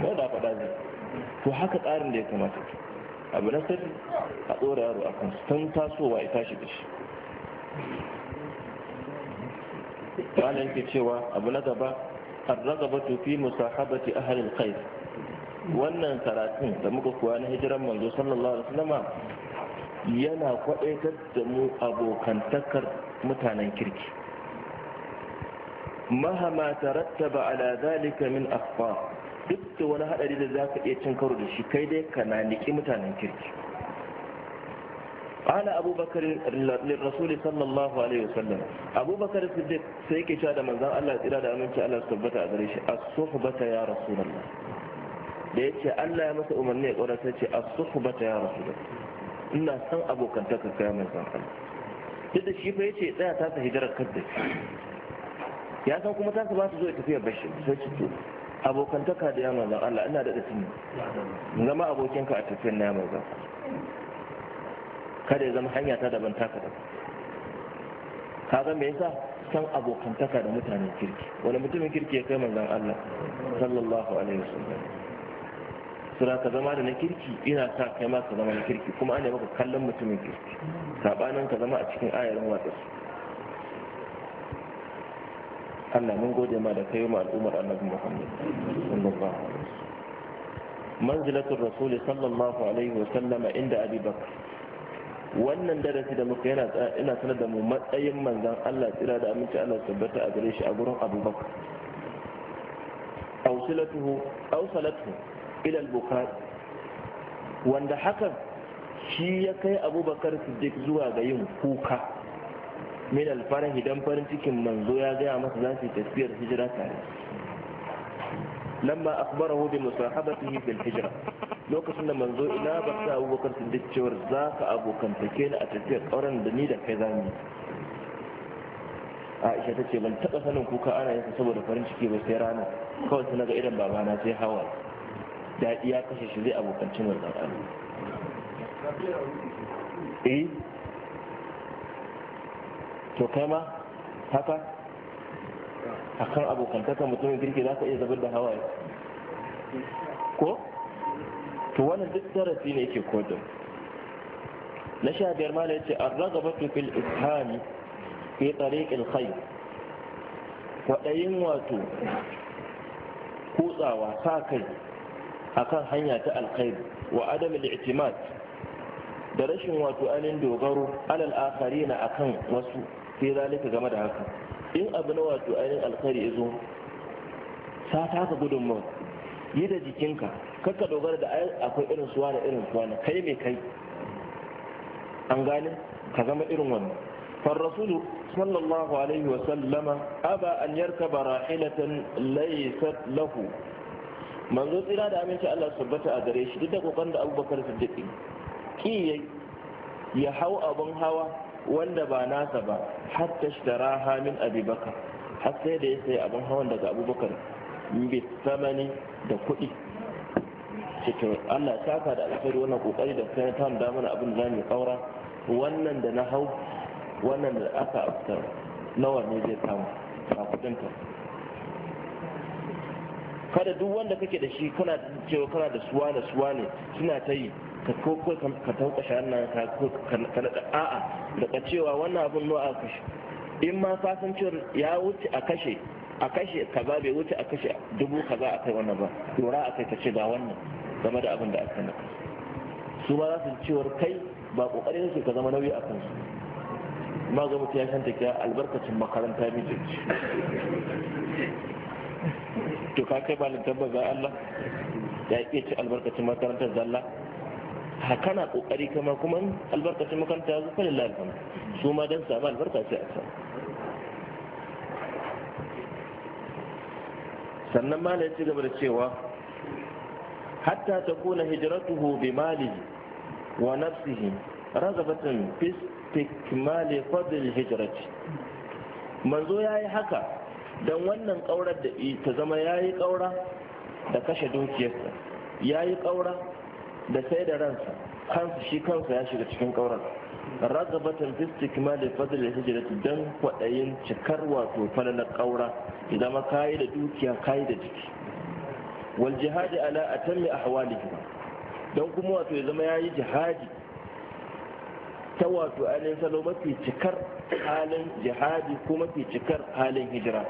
ko da faɗa zai to haka tsarin da ya kamata abu na sirri a tsora yaro a kan tun tasowa ya tashi da shi na yake cewa abu na gaba musa, في مصاحبة ahalin kai. wannan karatun da muka kuwa na hijiran manzo sallallahu alaihi wasallama yana kwaɗaitar da mu abokantakar mutanen kirki mahama ta rattaba ala zalika min akwa duk da wani haɗari da za ka iya cin karo da shi kai dai ka na niki mutanen kirki ala abubakar rasul sallallahu alaihi wasallam abubakar siddiq sai yake cewa da manzon allah tsira da aminci allah su tabbata a gare shi as-suhbata ya rasulullah da ya ce Allah ya masa umarni ya ƙora sai ce a suhbata ya rasu ina san abokantaka kai mai san Allah duk da shi fa ya ce tsaya ta sa hijirar kadda ya san kuma ta sa ba su zo tafiya bashi sai ce to abokantaka da ya manzon Allah ina da tsini zama abokinka a tafiyar na ya manzon kada ya zama hanya ta daban taka ka kaga me yasa san abokantaka da mutanen kirki wani mutumin kirki ya kai manzon Allah sallallahu alaihi wasallam suna ka zama da na kirki ina sa kai ma ka zama na kirki kuma ana maka kallon mutumin kirki sabanin ka zama a cikin ayarin watsa Allah mun gode ma da kai ma al'ummar annabi Muhammad sallallahu alaihi wasallam manzilatul rasul sallallahu alaihi wasallam inda Abi Bakr wannan darasi da muka yana ina sanar da mu matsayin manzon Allah tsira da aminci Allah tabbata a gare shi a gurin Abu Bakr awsilatuhu awsalatuhu ila al wanda hakan shi ya kai abubakar siddiq zuwa ga yin kuka min alfarahi dan farin cikin manzo ya gaya masa za su yi tafiyar hijira tare lamma akhbarahu bi musahabatihi fil hijra lokacin da manzo ina ba abubakar siddiq cewar za ka abokantake ni a tafiyar ƙauren da ni da kai za mu aisha ta ce ban taɓa sanin kuka ana yin saboda farin ciki ba sai rana kawai ta naga idan babana sai hawa daɗi ya kashe shi zai abokanci manzan Allah eh to kai ma haka akan abokantaka mutumin kirki za ka iya zabar da hawaye ko to wannan duk darasi ne yake kodin na sha biyar ya ce ar-ragabatu fil ishami fi tariqil Kai, kwaɗayin wato kutsawa sa kai akan hanya ta alkhairi wa adam al-i'timad da rashin wato anin dogaro alal akari na akan wasu sai zalika game da haka in abu na wato anin ya zo. sa ta ka gudunmu yi da jikinka kakka dogara da akwai irin suwa na irin suwa na kai mai kai an gane ka zama irin wannan فالرسول صلى الله عليه وسلم أبى أن يركب راحلة ليست له manzo tsira da aminci Allah su tabbata a gare shi duk da kokarin da abubakar siddiqi ki ya hau abun hawa wanda ba nasa ba hatta ha min abubakar har sai da ya sayi abun hawan daga abubakar bi samani da kuɗi cikin Allah saka da alkhairi wannan kokari da sai ta da mana abin da mu kaura wannan da na hau wannan da aka aftar nawa ne zai samu a kudin kada duk wanda kake da shi kana cewa kana da suwa da suwa ne suna ta yi ka koko ka tauka nan" ka ka da a'a daga cewa wannan abun no a kashe in ma ka san cewa ya wuce a kashe a kashe ba bai wuce a kashe dubu za a kai wannan ba dora a kai ka ce ga wannan game da abin da aka na su ma za su cewar kai ba kokarin su ka zama nauyi a kansu ma ga mutum ya shanta kiya albarkacin makaranta mijin to ka kai malin tabbaza Allah ya yi ci albarkacin makarantar zalla haka na kokari kama kuma albarkacin makaranta ya zufa lillahi alhamdu su ma don samu albarka sai a can. sannan na ci gaba da cewa hatta ta kuna hijiratuhu bi mali wa nafsihi razabatin fi istikmali fadl hijrati manzo yayi haka don wannan ƙaurar da ta zama ya yi ƙaura da kashe dukiyarsa ya yi ƙaura da sai da ransa kansa shi kansa ya shiga cikin ƙaurar ragabatan fi istikmali fadl hijrati don kwaɗayin cikar wato falalar ƙaura ya zama kayi da dukiya kayi da jiki wal jihadi ala atammi ahwalihi don kuma wato ya zama ya yi jihadi ta wato ainihin salo mafi cikar halin jihadi ko mafi cikar halin hijira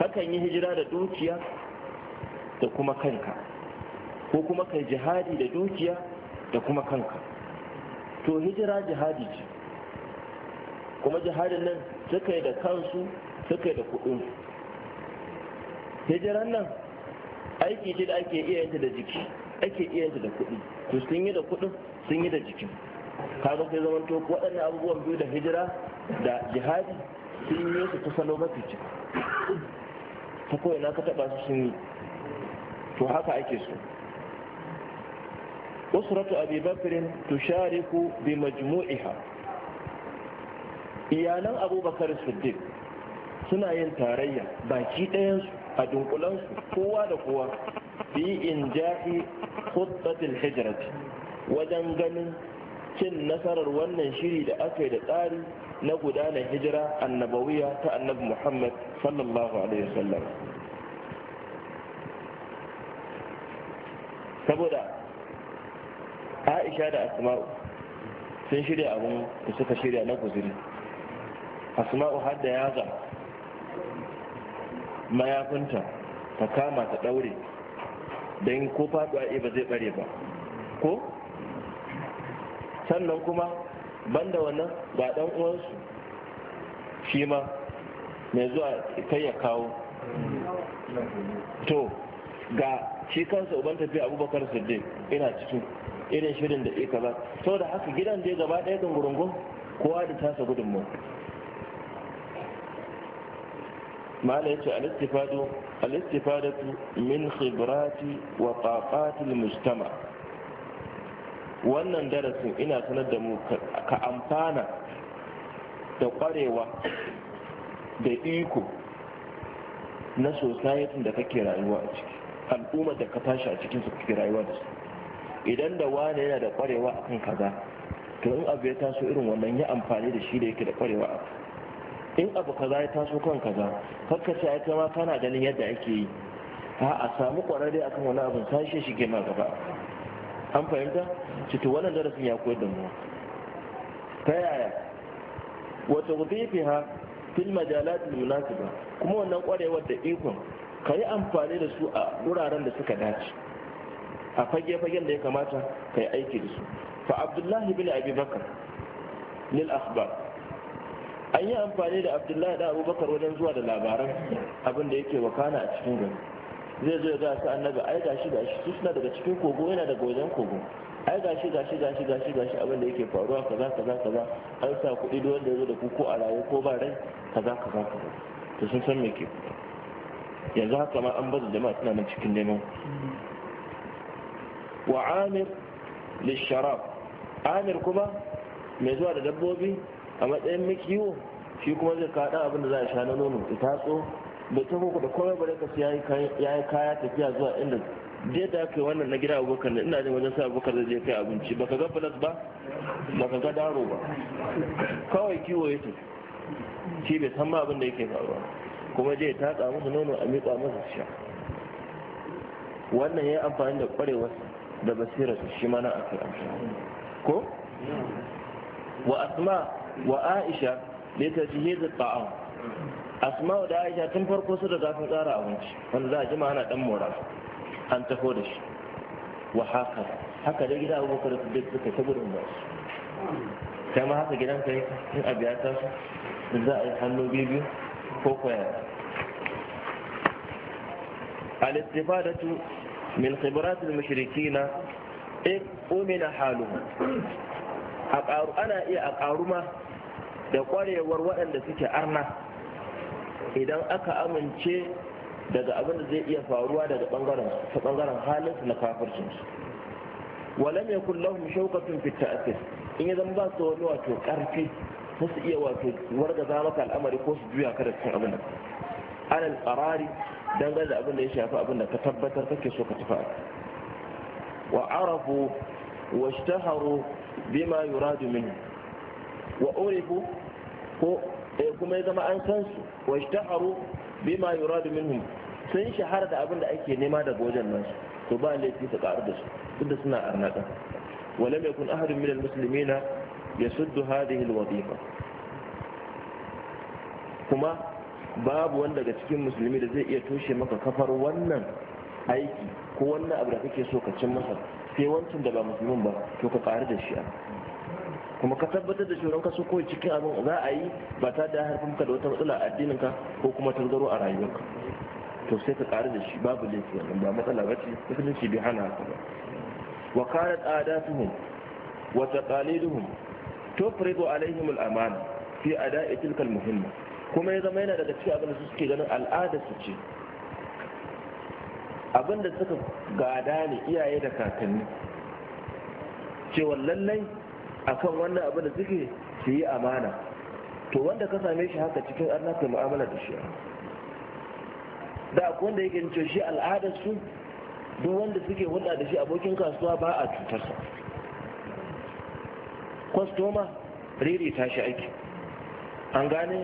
kakan yi hijira da dukiya da kuma kanka ko kuma kai jihadi da dukiya da kuma kanka to hijira jihadi ce kuma jihadin nan suka yi da kansu suka yi da kudin hijiran nan aiki ce da ake iya yanta da jiki ake iya yanta da kudi to sun yi da kudin sun yi da jikin kaga sai zaman to waɗannan abubuwan biyu da hijira da jihadi sun yi su kusa lokaci mafi ta ko ina ka taba su sun yi to haka ake so usratu abi bakr tushariku bi majmu'iha iyalan abubakar siddiq suna yin tarayya baki ɗayansu a su kowa da kowa bi in ja'i khutbatil hijrat wajen ganin cin nasarar wannan shiri da aka yi da tsari na gudanar hijira annabawiya ta annabi muhammad sallallahu alaihi wasallam saboda aisha da asma'u sun shirya abin da suka shirya na guziri asma'u har da yaza mayafinta ta kama ta daure don ko faduwa ba zai bare ba ko sannan kuma banda wannan ga dan uwansu shi ma mai zuwa kai ya kawo to ga shi kansa uban tafiya abubakar siddiq ina cikin irin shirin da ika ba to da haka gidan dai gaba ɗaya gungurungun kowa da tasa gudunmu mala yace al-istifadatu min khibrati wa taqatil mujtama' wannan darasin ina sanar da mu ka amfana da kwarewa da iko na sosayetin da kake rayuwa a ciki al'ummar da ka tashi a cikin su kake rayuwa da su idan da wane yana da kwarewa kan kaza to in abu ya taso irin wannan ya amfani da shi da yake da kwarewa a in abu kaza ya taso kan kaza kakka ce ai ma kana ganin yadda ake yi a samu kwararre akan wani abin sashe shi ke ma gaba an fahimta cikin wannan darasin ya koyar da mu ta yaya wata wudifiha fil majalat munasiba kuma wannan kwarewar da ikon ka yi amfani da su a wuraren da suka dace a fage-fagen da ya kamata ka yi aiki da su fa abdullahi bin abi bakar lil an yi amfani da abdullahi da abubakar wajen zuwa da labaran abinda yake wakana a cikin gari zai zo ya ga su annabi ai gashi gashi su suna daga cikin kogo yana daga wajen kogo ai gashi gashi gashi gashi gashi abin da yake faruwa kaza kaza kaza an sa kuɗi da wanda ya zo da ku ko a ko ba rai kaza kaza kaza to sun san me ke yanzu haka ma an bazu jama'a suna nan cikin neman wa amir lisharab amir kuma mai zuwa da dabbobi a matsayin mikiyo shi kuma zai kaɗa abin da za a sha na nono ita tso. bai taho da komai bare ka ya yi kaya tafiya zuwa inda dai da kai wannan na gida abokan ne ina jin wajen sa da zai je kai abinci baka ga balas ba baka ga daro ba kawai kiwo ya ce shi bai san ma abin da yake faruwa kuma je ta tatsa musu nono a miƙa masa sha wannan ya yi amfani da ƙwarewarsa da basira su shi mana a kai ko wa asma wa aisha da ta ji hezar ta'am asma'u da aisha tun farko su da zafin tsara abinci wanda za a jima ana dan mora an taho da shi wa haka haka da gida abubakar su duk suka ta gudun ba su kai ma haka gidan ka yi in biya ta su da za a yi hannu biyu ko kwaya الاستفادة من خبرات المشركين na أمن حالهم أنا إيه ƙaruma da ƙwarewar waɗanda suke arna idan aka amince daga abin da zai iya faruwa daga bangaren ta bangaren halin na kafircin su walam yakun lahum shawqatun fi ta'sir in ya zama ba su wani wato karfi ta su iya wato wargaza maka al'amari ko su juya kada cikin abin nan alal qarari dangane da abin da ya shafi abin da ka tabbatar kake so ka tafi wa arafu wa ishtaharu bima yuradu minhu wa urifu ko E kuma ya zama an san su wa ishtaharu bima yuradu minhum sun shahara da abin da ake nema daga wajen nan to ba laifi su karu da su duk da suna arnaka wa lam yakun ahadun min almuslimina yasuddu hadhihi alwazifa kuma babu wanda daga cikin musulmi da zai iya toshe maka kafar wannan aiki ko wannan abu da kake so ka cin masa sai wancan da ba musulmin ba to ka karu da shi a kuma ka tabbatar da shugaban ka so kawai cikin abin za a yi ba ta da harfin ka da wata matsala a addinin ka ko kuma tangaro a rayuwarka to sai ka ƙara da shi babu laifi wannan ba matsala ba ce musulunci bai hana haka ba wa kana tsadatuhum wa taqaliduhum tufridu alaihim al-amana fi a tilka al-muhimma kuma ya zama yana daga cikin abin da suke ganin al'ada su ce abin da suka gada ne iyaye da kakanni cewa lallai akan wannan abin da suke su yi amana to wanda ka same shi haka cikin Allah mu'amala da shi da akwai wanda yake cewa shi al'adar su duk wanda suke hulɗa da shi abokin kasuwa ba a cutar sa kwastoma riri ta shi aiki an gane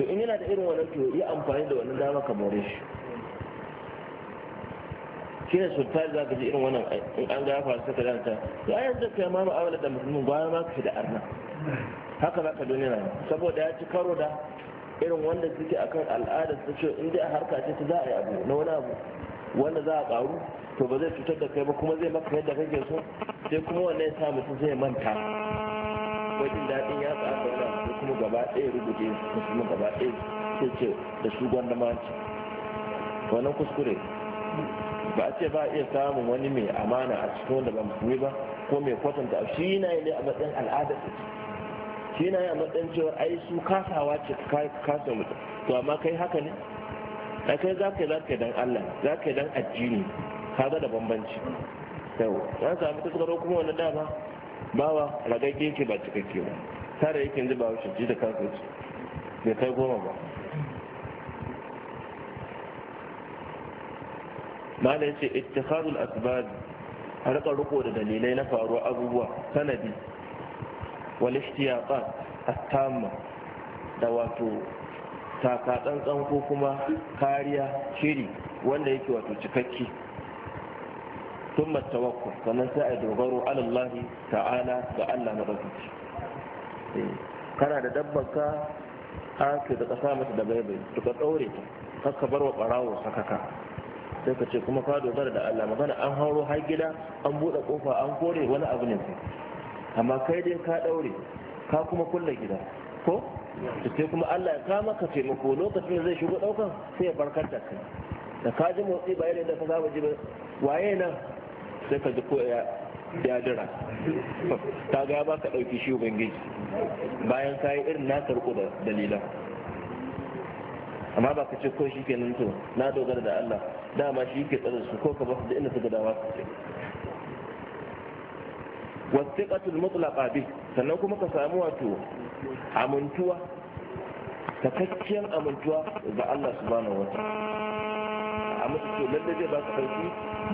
to in yana da irin wannan to yi amfani da wannan dama ka more shi kina su ta za ka ji irin wannan in an ga faru suka da ta to ai yanzu kai ma mu'amala da musulmin ba ma ka da arna haka za ka duniya na saboda ya ci karo da irin wanda suke akan al'adar su ce in dai harka ce ta za a yi abu na wani abu wanda za a karu to ba zai cutar da kai ba kuma zai maka yadda kake so sai kuma wannan ya sa mutum zai manta wajen daɗin ya tsara da wani abu kuma gaba ɗaya rubuce musulmin gaba ɗaya sai ce da shugaban gwanda ma wannan kuskure ba ce ba iya samun wani mai amana a cikin wanda ba musulmi ba ko mai kwatanta shi na yi ne a matsayin al'adar shi na yi a matsayin cewa ai su kasawa ce kasa mutum to amma kai haka ne a kai za ka yi za ka yi dan Allah za ka yi dan addini ka ga da bambanci yau ya samu tasgaro kuma wani dama bawa ragagge ke ba cikakke ba tare yake ji ba wuce ji da kansa bai kai goma ba ya yace ittikhadul asbab a riƙa riko da dalilai na faruwa abubuwa sanadi wal ihtiyaqat da wato takatsantsan ko kuma kariya shiri wanda yake wato cikakke ثم التوكل sannan sai a dogaro alallahi ta'ala ga Allah na madaukaki eh, kana da dabbar ka an ka da kasa mata da baibai to ka daure ta kakka bar wa barawo sakaka sai ka ce kuma ka dogara da Allah magana an hauro har gida an buɗe kofa an kore wani abu ne amma kai dai ka ɗaure ka kuma kulle gida ko sai kuma Allah ya kama ka taimako lokacin da zai shigo ɗaukan sai ya barkar da kai da ka ji motsi ba yadda ka saba ji ba waye nan sai ka ji ko ya ya dira ta ga ya baka ɗauki shi ubangiji bayan ka yi irin na karɓo da dalilan amma ba ka ce ko shi kenan to na dogara da Allah dama shi ke tsada su ko ka su da inda su gada su ce wasiqatul mutlaqa bi sannan kuma ka samu wato amintuwa takakken amintuwa ga Allah su wa ta'ala a mutu to lalle zai ba ka karfi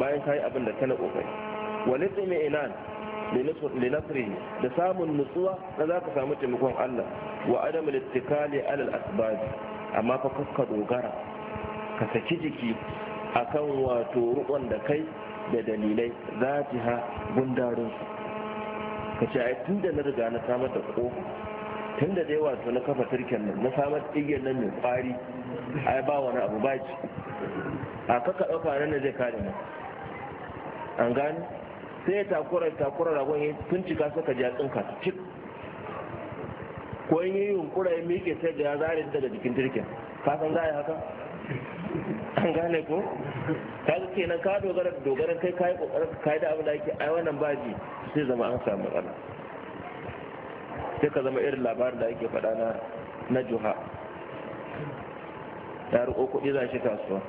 bayan yi abin da kana kokari walidda mai inan linasrihi da samun nutsuwa na za ka samu taimakon Allah wa adam littikali alal asbab amma fa kakka dogara ka saki jiki akan wato rukon da kai da dalilai za ji ha gundarin ka ce ai tun da na riga na samar da kofa tun da dai wato na kafa turken nan na samar igiyar nan mai kwari ai ba wani abu ba ci a kaka ɗauka nan da zai kare mu an gane sai ya takura takura ragon ya cika suka ji a tsinka cik ko in yi yunkura ya miƙe sai da ya zare daga jikin turken ka san za a yi haka an gane ko ka ga kenan ka dogara da dogaran kai kai kokarin kai da abu da yake ai wannan baji sai zama an samu matsala sai ka zama irin labarin da yake faɗa na na juha ya riko kuɗi za shi kasuwa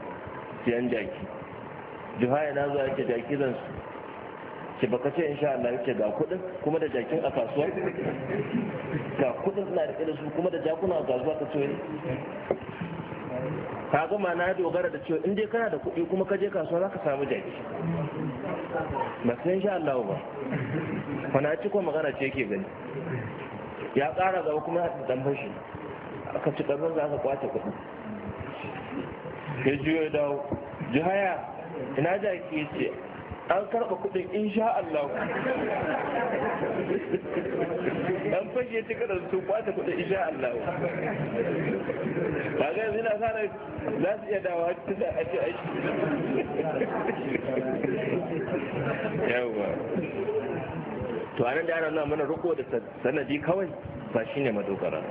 siyan jaki juha yana zuwa yake jaki zan su ce baka ce insha Allah yake ga kuɗin kuma da jakin a kasuwa ga kuɗin suna da su kuma da jakuna a kasuwa ka ce ka ga ma na dogara da cewa in dai kana da kuɗi kuma ka je kasuwa za ka samu jaki ba sai insha Allah ba kana ci ko magana ce yake gani ya ƙara gaba kuma da dan bashi aka ci ƙarfin za ka kwace kuɗi ya juyo dawo jihaya ina jaki ce an karɓa kuɗin sha Allah dan fage ta cika su kwata kuɗin sha Allah ba ga yanzu na sana za su iya dawa ta da ake aiki yawa to anan da yana mana riko da sanadi kawai ba shi ne madogara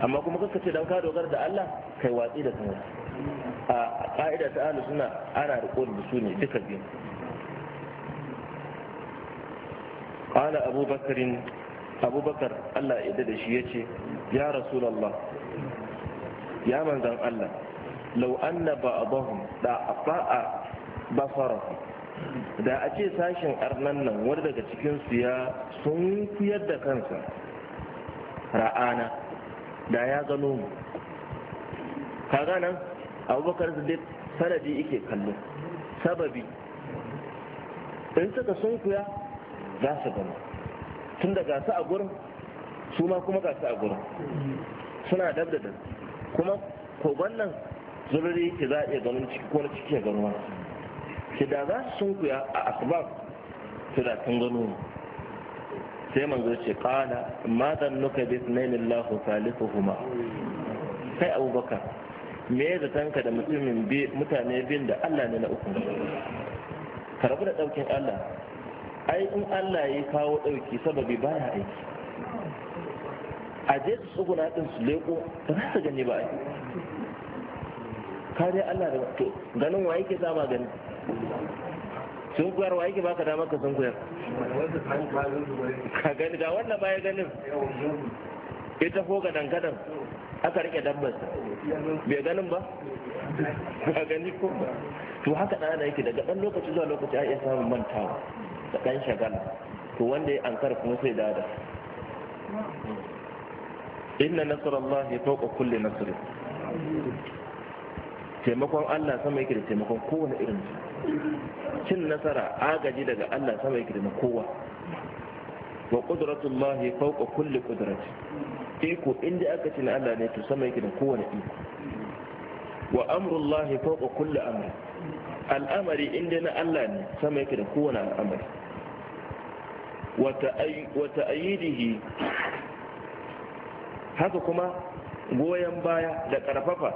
amma kuma kuka ce dan ka dogara da Allah kai watsi da sanadi a ka'ida ta ahlus sunna ana riko da su ne duka biyu ala abu bakarin abu allah ya da shi ya ce ya rasulallah ya manzan allah lau anna ba'dahum da afa'a basarahu da a ce sashen arnan nan wani daga cikinsu ya sun kuyar da kansa ra'ana da ya gano mu kaga nan abubakar su dai sanadi ike kallo sababi in suka sun kuya za su gani tun da gasu a gurin su ma kuma gasu a gurin suna dab da kuma kogon nan zurri ke za a iya ganin ciki ko na ciki ya gano wasu ke da za su kuya a asibar su da sun gano sai manzo ce kala ma zan nuka bi sunainin lahu salifuhuma kai abubakar me ya zatanka da mutumin mutane biyun da allah ne na uku ka rabu da ɗaukin allah ai in Allah ya kawo ɗauki sababi baya aiki a je su tsuguna ɗin su leƙo ba za su gani ba ai ka dai Allah da to ganin wa yake zama gani sun kuyar wa yake baka damar ka sun kuyar ka gani ga wannan baya ganin ita ko ga dankadan aka rike dabbar bai ganin ba ba gani ko ba? to haka dana yake daga ɗan lokaci zuwa lokaci a iya samun mantawa da kan shagala to wanda ya ankara kuma sai dada inna ya fawqa kulli nasr taimakon Allah sama yake da taimakon kowane irin cin nasara agaji daga Allah sama yake da kowa wa ya fawqa kulli qudrati iko inda aka ce na Allah ne to sama yake da kowane iko wa amrullahi fawqa kulli amri al'amari inda na Allah ne sama yake da kowane al'amari wata ayyidihi haka kuma goyon baya da ƙarfafa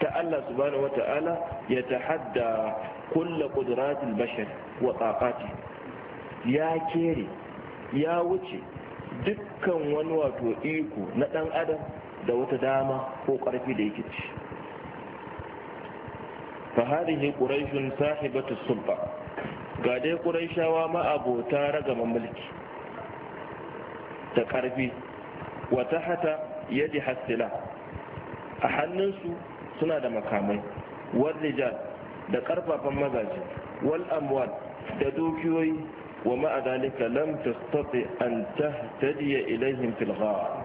ta Allah subhanahu ta'ala ya tahadda kulla ƙuduratul bashar wa tsakati ya kere ya wuce dukkan wani wato iko na ɗan adam da wata dama ko karfi da yake ci fa hadhihi quraishun sahibatu sulba ga dai quraishawa ma abota ragama mulki da karfi wa tahta yadi hasila a hannunsu suna da makamai wal rijal da karfafan mazaje wal da dukiyoyi wa ma'a dalika lam tastati an tahtadiya ilaihim fil ghar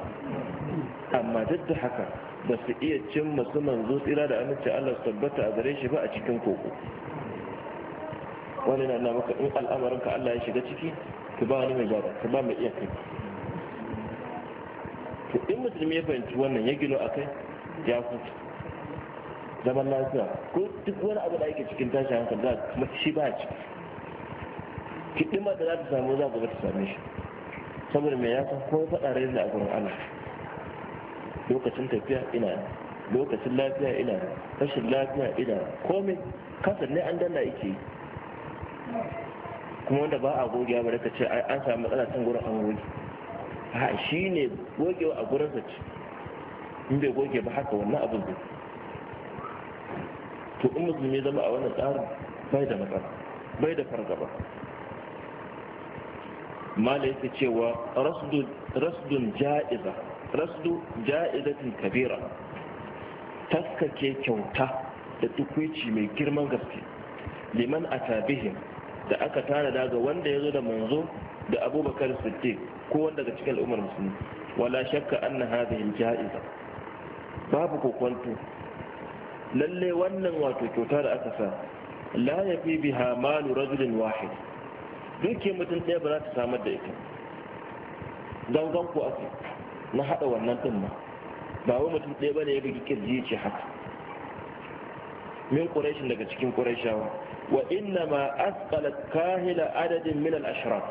amma duk da haka ba su iya cin masu manzo tsira da amince Allah su tabbata a gare shi ba a cikin koko wani na maka in al'amarin ka Allah ya shiga ciki ka ba wani mai gaba ka ba mai iya kai to in musulmi ya fahimci wannan ya gino a kai ya hutu zaman lafiya ko duk wani abu da yake cikin tashi hankali za kuma shi ba ciki ma da za ta samu za ta same shi saboda mai ya san ko faɗa rai da a gurin Allah lokacin tafiya ina lokacin lafiya ina rashin lafiya ina komai kasar ne an danna yake kuma wanda ba a gogewa ba daga ce an samu matsala can gurin an goge ha shi ne gogewa a gurin ce in bai goge ba haka wannan abin zai to in musulmi zama a wannan tsarin bai da matsala bai da fargaba mala yake cewa rasdun ja'iza rasdu ja'izatin kabira taskake kyauta da tukwici mai girman gaske liman atabihim da aka tanada ga wanda ya zo da manzo da abubakar siddiq ko wanda daga cikin al'ummar musulmi wala shakka anna hadhihi ja'iza babu kokonto lalle wannan wato kyauta da aka sa la yafi biha malu rajulin wahid duke mutum ɗaya ba za ta samar da ita dangan ku ake na haɗa wannan ɗin ba ba wani mutum ɗaya bane ya bugi kirji ce haka min quraishin daga cikin quraishawa wa inna ma asqalat kahila adadin min al ashraf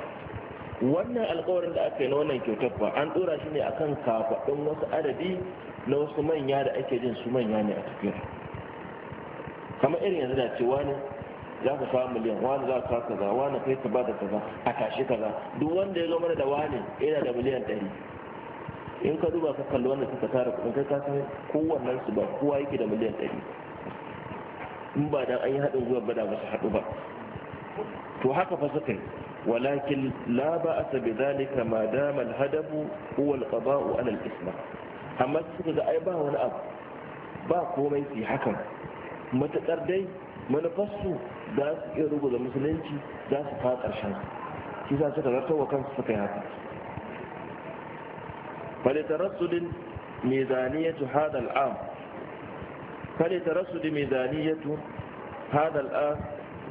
wannan alƙawarin da aka yi na wannan kyautar ba an ɗora shi ne akan kafaɗin wasu adadi na wasu manya da ake jin su manya ne a tafiyar kamar irin yanzu da cewa ne za ka samu miliyan wani za ka kaza wani kai ka ba da kaza a tashi kaza duk wanda ya zo mana da wani yana da miliyan ɗari in ka duba ka kalli wanda suka tara kudin kai ka san kowannen su ba kowa yake da miliyan ɗari in ba dan an yi haɗin gwiwa ba da ba su haɗu ba to haka fa suka yi ولكن لا بأس بذلك ما دام الهدف هو القضاء على isma. amma suka ga ai ba wani abu ba komai su hakan matuƙar dai manufarsu za su iya rubuta musulunci za su fa ƙarshen shi za suka zartar kansu suka yi haka فلترصد ميزانية هذا العام فلترصد ميزانية هذا العام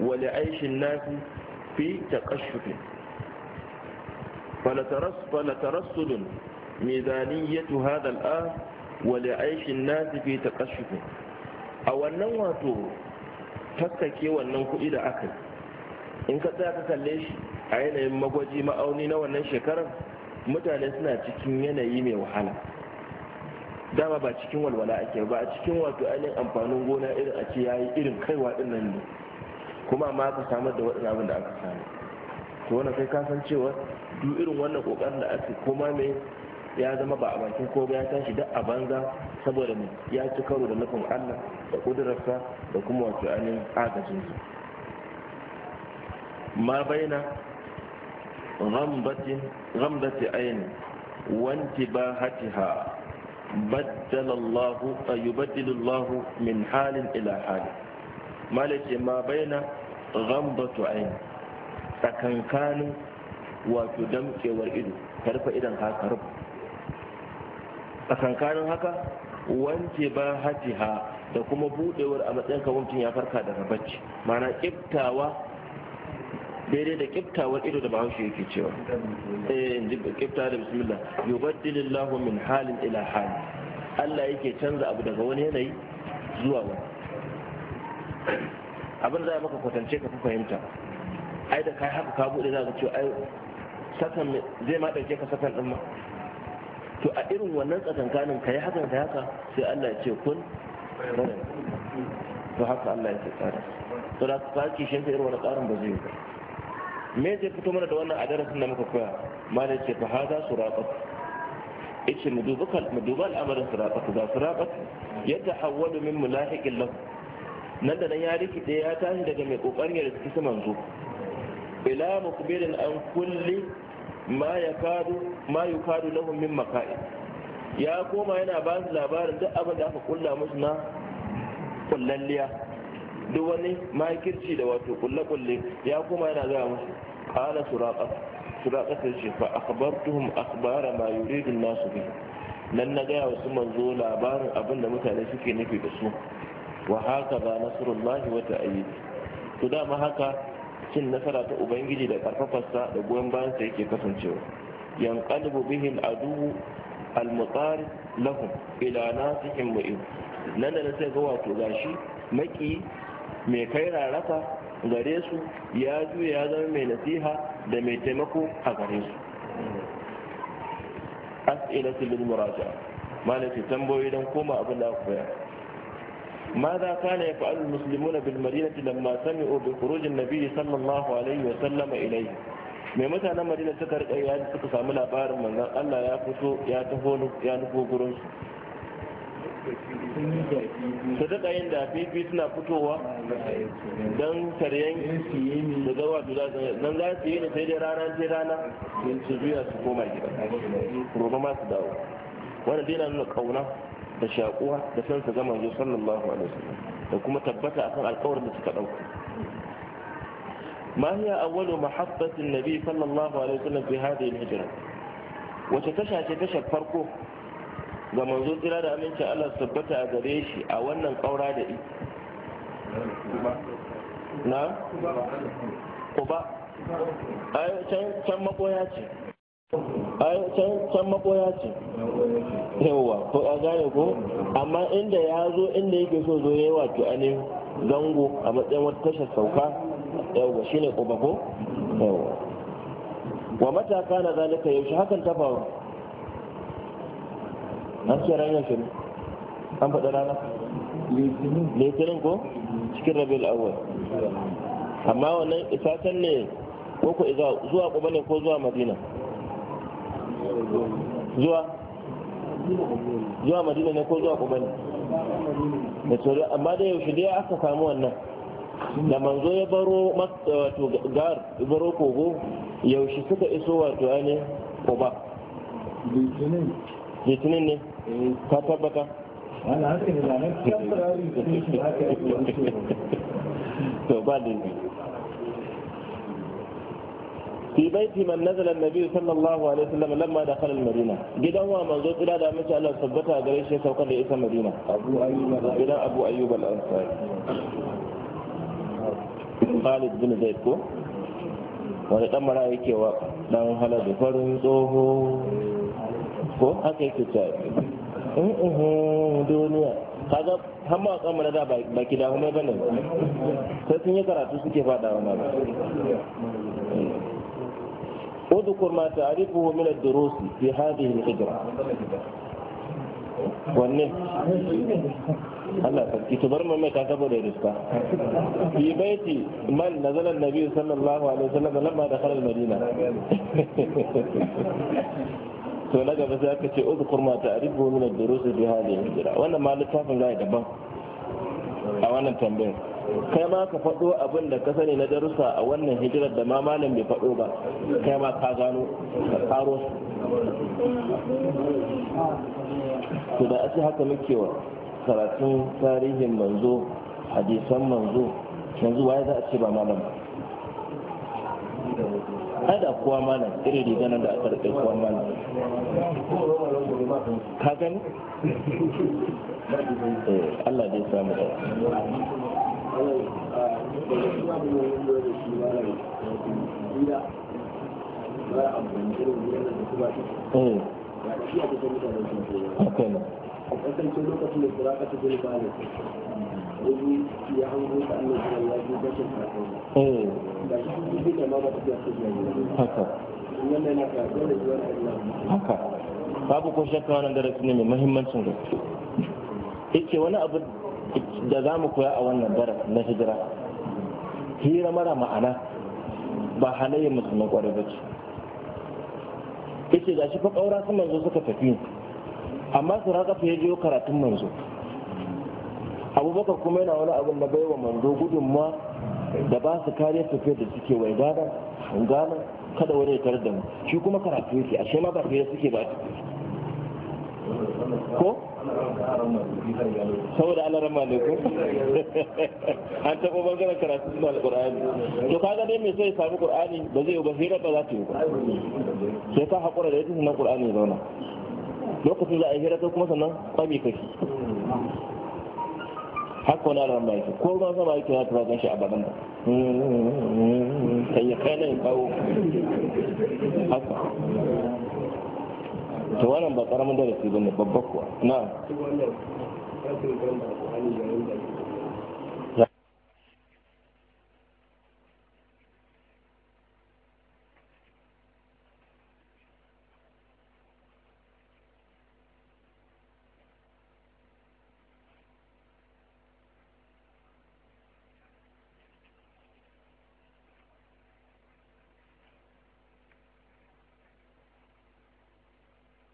ولعيش الناس في تقشف فلترصد ميزانية هذا العام ولعيش الناس في تقشف أو أنه wato taskake wannan kuɗi da aka in ka tsaya ka kalle shi mutane suna cikin yanayi mai wahala dama ba cikin walwala ake ba a cikin wato ainihin amfanin gona irin a ce ya yi irin kaiwa din nan ne kuma ma aka samar da waɗannan abin da aka samu to wannan kai kasan cewa duk irin wannan kokarin da ake ma me ya zama ba a bakin ko ya tashi duk a banza saboda mai ya ci karo da nufin Allah da kudurarsa da kuma wato ainihin agajin ma baina غمضة عين وانتباهتها بدل الله يبدل الله من حال إلى حال مالك ما بين غمضة عين تكنكان وتدمك والإدو كرف إذن هكا رب تكنكان هكا وانتباهتها da kuma budewar a matsayin kamar ya farka daga bacci mana kiftawa daidai da kiftawar ido da bahaushe yake cewa eh kifta da bismillah yubaddilillahu min halin ila hali Allah yake canza abu daga wani yanayi zuwa wani abin za a maka kwatance ka fahimta ai da kai haka ka bude za ka ce ai sakan zai ma dauke ka sakan din ma to a irin wannan tsakankanin kai hakan kai haka sai Allah ya ce kun to haka Allah ya ce tsara to da ka ki shin irin wannan tsarin ba zai yi ba? me zai fito mana da wannan a darasin da muka koya malam ce fa hada suraqat yace mu duba mu duba al'amarin suraqat da suraqat ya tahawwalu min mulahiqin lahu nan da nan ya rikide ya tashi daga mai kokarin ya su manzo ila mukbirin an kulli ma yakadu ma yukadu lahum min maka'i ya koma yana ba su labarin duk abin da aka kulla musu na kullalliya duk wani makirci da wato kulle kulle ya kuma yana gaya musu qala suraqa suraqa ta ce fa akhbartuhum akhbara ma yuridu nasu bi nan na gaya wasu manzo labarin abin da mutane suke nufi da su wa haka ba nasrullahi wa ta'ayyid to dama haka cin nasara ta ubangiji da karfafarsa da goyon bayan sa yake kasancewa yanqalibu bihi al-adu al lahum ila nasihim mu'in nan da sai ga wato gashi maki mai kai raraka gare su ya juya ya zama mai nasiha da mai taimako a gare su as'ilatu lil muraja ce tambayoyi don koma abin da aka koya ماذا كان يفعل المسلمون بالمدينة لما سمعوا بخروج النبي صلى الله عليه وسلم إليه mai mutanen madina suka rika ya suka samu labarin manzon Allah ya fito ya taho ya nufo gurin su daɗa yin da fifi suna fitowa don karyan da zawa su za su nan za su yi ne sai dai rana sai rana su juya su koma gida roba ma su dawo wanda dai na nuna kauna da shakuwa da san su gama zuwa sallallahu alaihi wasallam da kuma tabbata akan alƙawarin da suka ɗauka ما هي أول محطة النبي صلى الله عليه وسلم في هذه الهجرة وتتشى تتشى فرقه ga manzo tsira da aminci Allah su tabbata a gare shi a wannan ƙaura da i na kuba ayo can makoya ce can makoya ce yawwa ko a gane ko amma inda ya zo inda yake so zo yayi wato anin zango a matsayin wata tashar sauka yawwa shine ne ko yawa wa mata kana zalika yaushe hakan ta faru an ce ranar shirin an faɗi rana litinin ko cikin rabin awal amma wannan isatan ne ko ku iza zuwa kuma ne ko zuwa madina zuwa zuwa madina ne ko zuwa kuma ne da tsoro amma da yaushe dai aka samu wannan da manzo ya baro wato gar baro kogo yaushe suka iso wato ne ko ba litinin ne Eh, ka tabbata wani hankali na nan temporary station haka yake wuce to ba da في بيت من نزل النبي صلى الله عليه وسلم لما دخل المدينة جدا هو منظور إلى دام شاء الله ثبتها قريش سوقا لإيسى مدينة أبو أيوب إلى أبو ko wani dan mara yake wa dan halar farin tsoho ko haka yake ta duniya kaga har ma kama da ba ki kuma mai bane sai sun yi karatu suke fada wa ma hmm. ma اذكر ما تعرفه من الدروس في هذه الهجرة wanne Allah sarki ki tubar mai ka saboda ya riska fi baiti man nazala nabi sallallahu alaihi wasallam lamma dakhala al-madina to na gaba sai aka ce uzkur ma ta'rifu min ad-durus bi hadhihi hijra wannan ma littafin ga daban a wannan tambayar kai ma ka faɗo abin da ka sani na darussa a wannan hijirar da ma malam bai faɗo ba kai ma ka gano ka karo to da ake haka muke wa karatun tarihin manzo hadisan manzo yanzu waye za a ce ba malam ba ada kuwa malam irin riga da aka rike kuwa malam ka gani eh, Allah zai samu da Haka eh. haka babu ko shakka wannan darasi ne mai muhimmancin gaske yake wani abu da za mu koya a wannan darasi na hijira hira mara ma'ana ba halayyar musulman kwarai ba ce yace gashi fa ƙaura sun manzo suka tafi amma su raka fa yaje karatun manzo abubakar kuma yana wani abin na baiwa manzo gudun ma da ba su kariyar tafiyar da suke wai gana gana kada wani ya da mu shi kuma karatu yake ashe ma ba fiye suke ba ko saboda ana rama ne ko an taɓa bangaren karatu suna da alƙur'ani to kaga dai mai sai ya samu ƙur'ani ba zai ba hira ba za ta yi ba sai ka haƙura da yadda sunan ƙur'ani ya zauna lokacin za a yi hira kuma sannan kwami kashi haka wani alaran ba yake ko ruwan sama yake za ta ba shi a baban da kan ya kai nan kawo haka to wannan ba karamin darasi ba ne babba kuwa na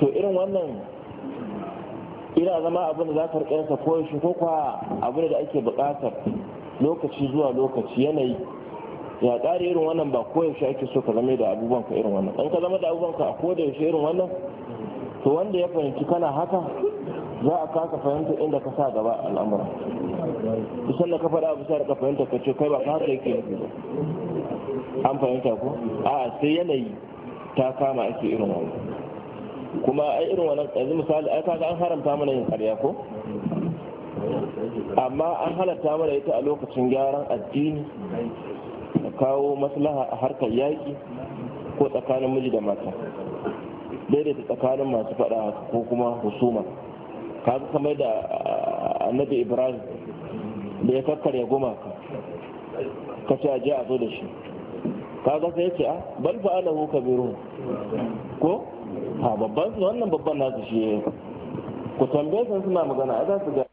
to irin wannan ina zama abin da za ka rika yansa ko shi ko kwa abin da ake buƙatar lokaci zuwa lokaci yanayi ya ƙare irin wannan ba ko yaushe ake so ka zama da abubuwan ka irin wannan in ka zama da abubuwan ka a ko da yaushe irin wannan to wanda ya fahimci kana haka za a kasa fahimta inda ka sa gaba al'amura kusan da ka faɗa abu sai ka fahimta ka ce kai ba ka haka yake nufi ba an fahimta ko a'a sai yanayi ta kama ake irin wannan kuma ai irin wannan yanzu misali ai kaga an haramta mana yin karya ko amma an halatta mana ita a lokacin gyaran addini da kawo maslaha a harkar yaƙi ko tsakanin miji da mata daidaita tsakanin masu faɗa ko kuma husuma kaga kamar da ah, annabi ibrahim da ya kakkarya gumaka ka ce a je a zo da shi kaga sai ya ce a ah, bal fa'alahu kabiru ko ha babban wannan babban nasu shi ku tambaye su suna magana a za su ga